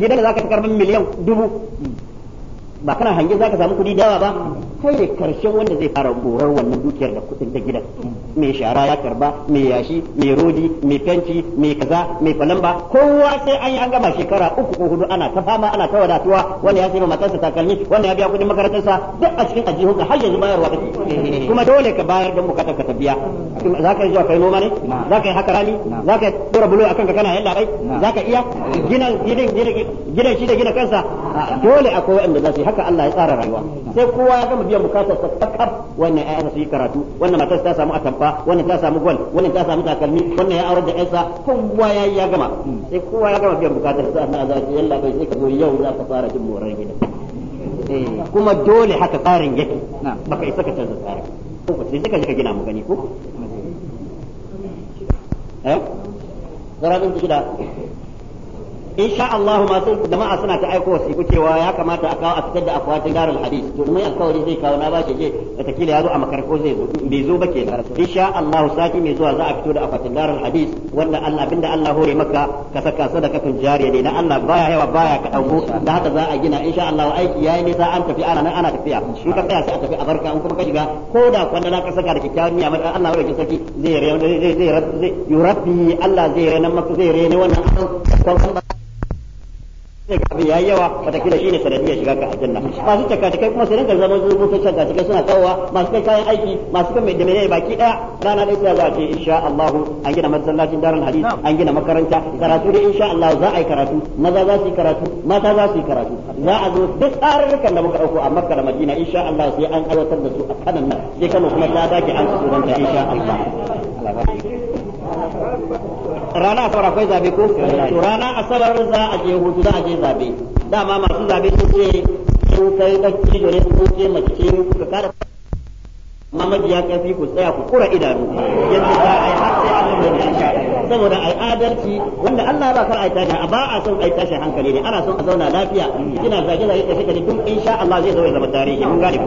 gidan da zaka fi karɓar miliyan dubu ba kana hange za ka samu kuɗi dawa yawa ba kai da karshen wanda zai fara gorar wannan dukiyar da kuɗin da gidan mai shara ya karba mai yashi mai rodi mai fenti mai kaza mai falamba kowa sai an yi an gama shekara uku ko hudu ana ta fama ana ta wadatuwa wanda ya sayi matarsa takalmi wanda ya biya kuɗin makarantarsa duk a cikin ajihunka har yanzu bayarwa kake kuma dole ka bayar don bukatar ka ta biya za ka yi zuwa kai noma ne za ka yi haka rani za ka yi tura bulo akan ka kana yalla bai za ka iya gidan gidan gidan shi da gina kansa dole akwai wanda za su yi haka Allah ya tsara rayuwa sai kowa ya gama biyan bukatar sa kakaf wannan ƴaƴansa su yi karatu wannan matar ta samu atamfa wannan ta samu gol wannan ta samu takalmi wannan ya aure da ƴansa kowa ya ya gama sai kowa ya gama biyan bukatar sa Allah zai yi Allah bai sai ka zo yau za ka fara jin moran gida eh, kuma dole haka tsarin yake baka isa ka canza tsarin ko ka sai ka je ka gina mu gani ko eh garabin zarabin gida insha Allah masu jama'a suna ta aiko wasiku cewa ya kamata a kawo a fitar da akwatin darul hadith to mai alƙawari zai kawo na ba bashi je watakila ya zo a makarko zai zo bai zo ba kenan insha Allah saki mai zuwa za a fito da akwatin darul hadith wanda Allah abinda Allah hore maka ka saka sadakatun jariya ne na Allah baya yawa baya ka dauko da haka za a gina insha Allah aiki yayi ne za an tafi ana nan ana tafiya in ka tsaya sai a tafi a barka in kuma ka shiga ko da kwanda na ka saka da kikkiawar niyya mai Allah hore saki zai zai zai yurafi Allah zai rena maka zai rena wannan sai ga biya yayi yawa watakila shine sanadiyar shiga ka aljanna masu takatakai kuma sai rinka zama ta takatakai suna kawowa masu kai kayan aiki masu kan mai da menene baki daya rana dai sai za a ce insha Allah an gina masallacin daran hadith an gina makaranta karatu dai insha Allah za a yi karatu maza za su yi karatu mata za su yi karatu za a zo duk tsarurrukan da muka dauko a Makka da Madina insha Allah sai an aiwatar da su a kanan nan sai kuma ta dake an su insha Allah rana fara akwai zabe ko to rana asabar za a je hutu za a je zabe dama masu zabe sun ce sun kai bacci dole su ce mace ce ka kada mamaji ya kafi ku tsaya ku kura idanu yadda za a yi haka saboda ai adalci wanda Allah ba kar ai ba a son ai tashi hankali ne ana son a zauna lafiya kina zage zage kace kace duk insha Allah zai zo ya zama tarihi mun gane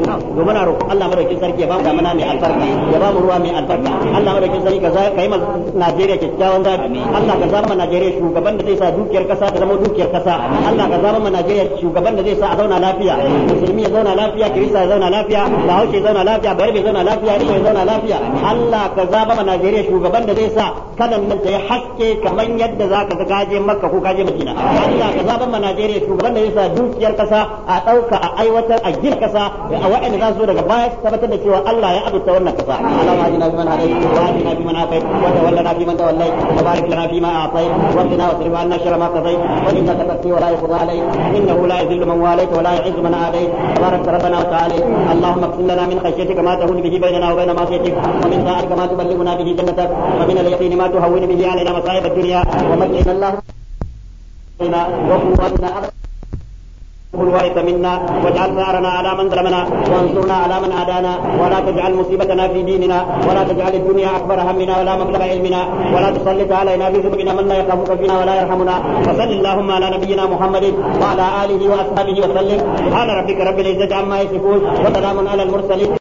Allah madaukin sarki ya ba mu damana mai albarka ya ba mu ruwa mai albarka Allah madaukin sarki ka kai ma Najeriya kyakkyawan zabi Allah ka zama Najeriya shugaban da zai sa dukiyar kasa ta zama dukiyar kasa Allah ka zama ma Najeriya shugaban da zai sa a zauna lafiya musulmi ya zauna lafiya kirista ya zauna lafiya ya zauna lafiya zauna lafiya ya zauna lafiya Allah ka zama Najeriya shugaban da zai yasa kalan nan ta yi haske kamar yadda za ka ga je makka ko je madina Allah ka zaba ma Najeriya shugaban da yasa dukiyar kasa a dauka a aiwatar a gina kasa a wa'anda za su daga baya su tabbatar da cewa Allah ya abuta wannan kasa Allahumma bi man hadai wa bi man afayt wa tawallana biman tawallait wa barik lana fi ma atayt wa qina wa sirfa anna sharra ma qadai wa inna ka taqdi wa la yuqda alai innahu la yadhillu man walayt wa la yu'izzu man adai tabarak rabbana wa ta'ala Allahumma qina lana min khashyatika ma tahulu bihi bainana wa bain ma'siyatik wa min ta'atika ma tuballighuna bihi jannatak ومن اليقين ما تهون به علينا مصائب الدنيا ومتعنا الله وقوتنا الوارث منا واجعل ثارنا على من ظلمنا وانصرنا على من عادانا ولا تجعل مصيبتنا في ديننا ولا تجعل الدنيا اكبر همنا ولا مبلغ علمنا ولا تسلط علينا بذنوبنا من لا يخافك فينا ولا يرحمنا وصل اللهم على نبينا محمد وعلى اله واصحابه وسلم سبحان ربك رب العزه عما يصفون وسلام على المرسلين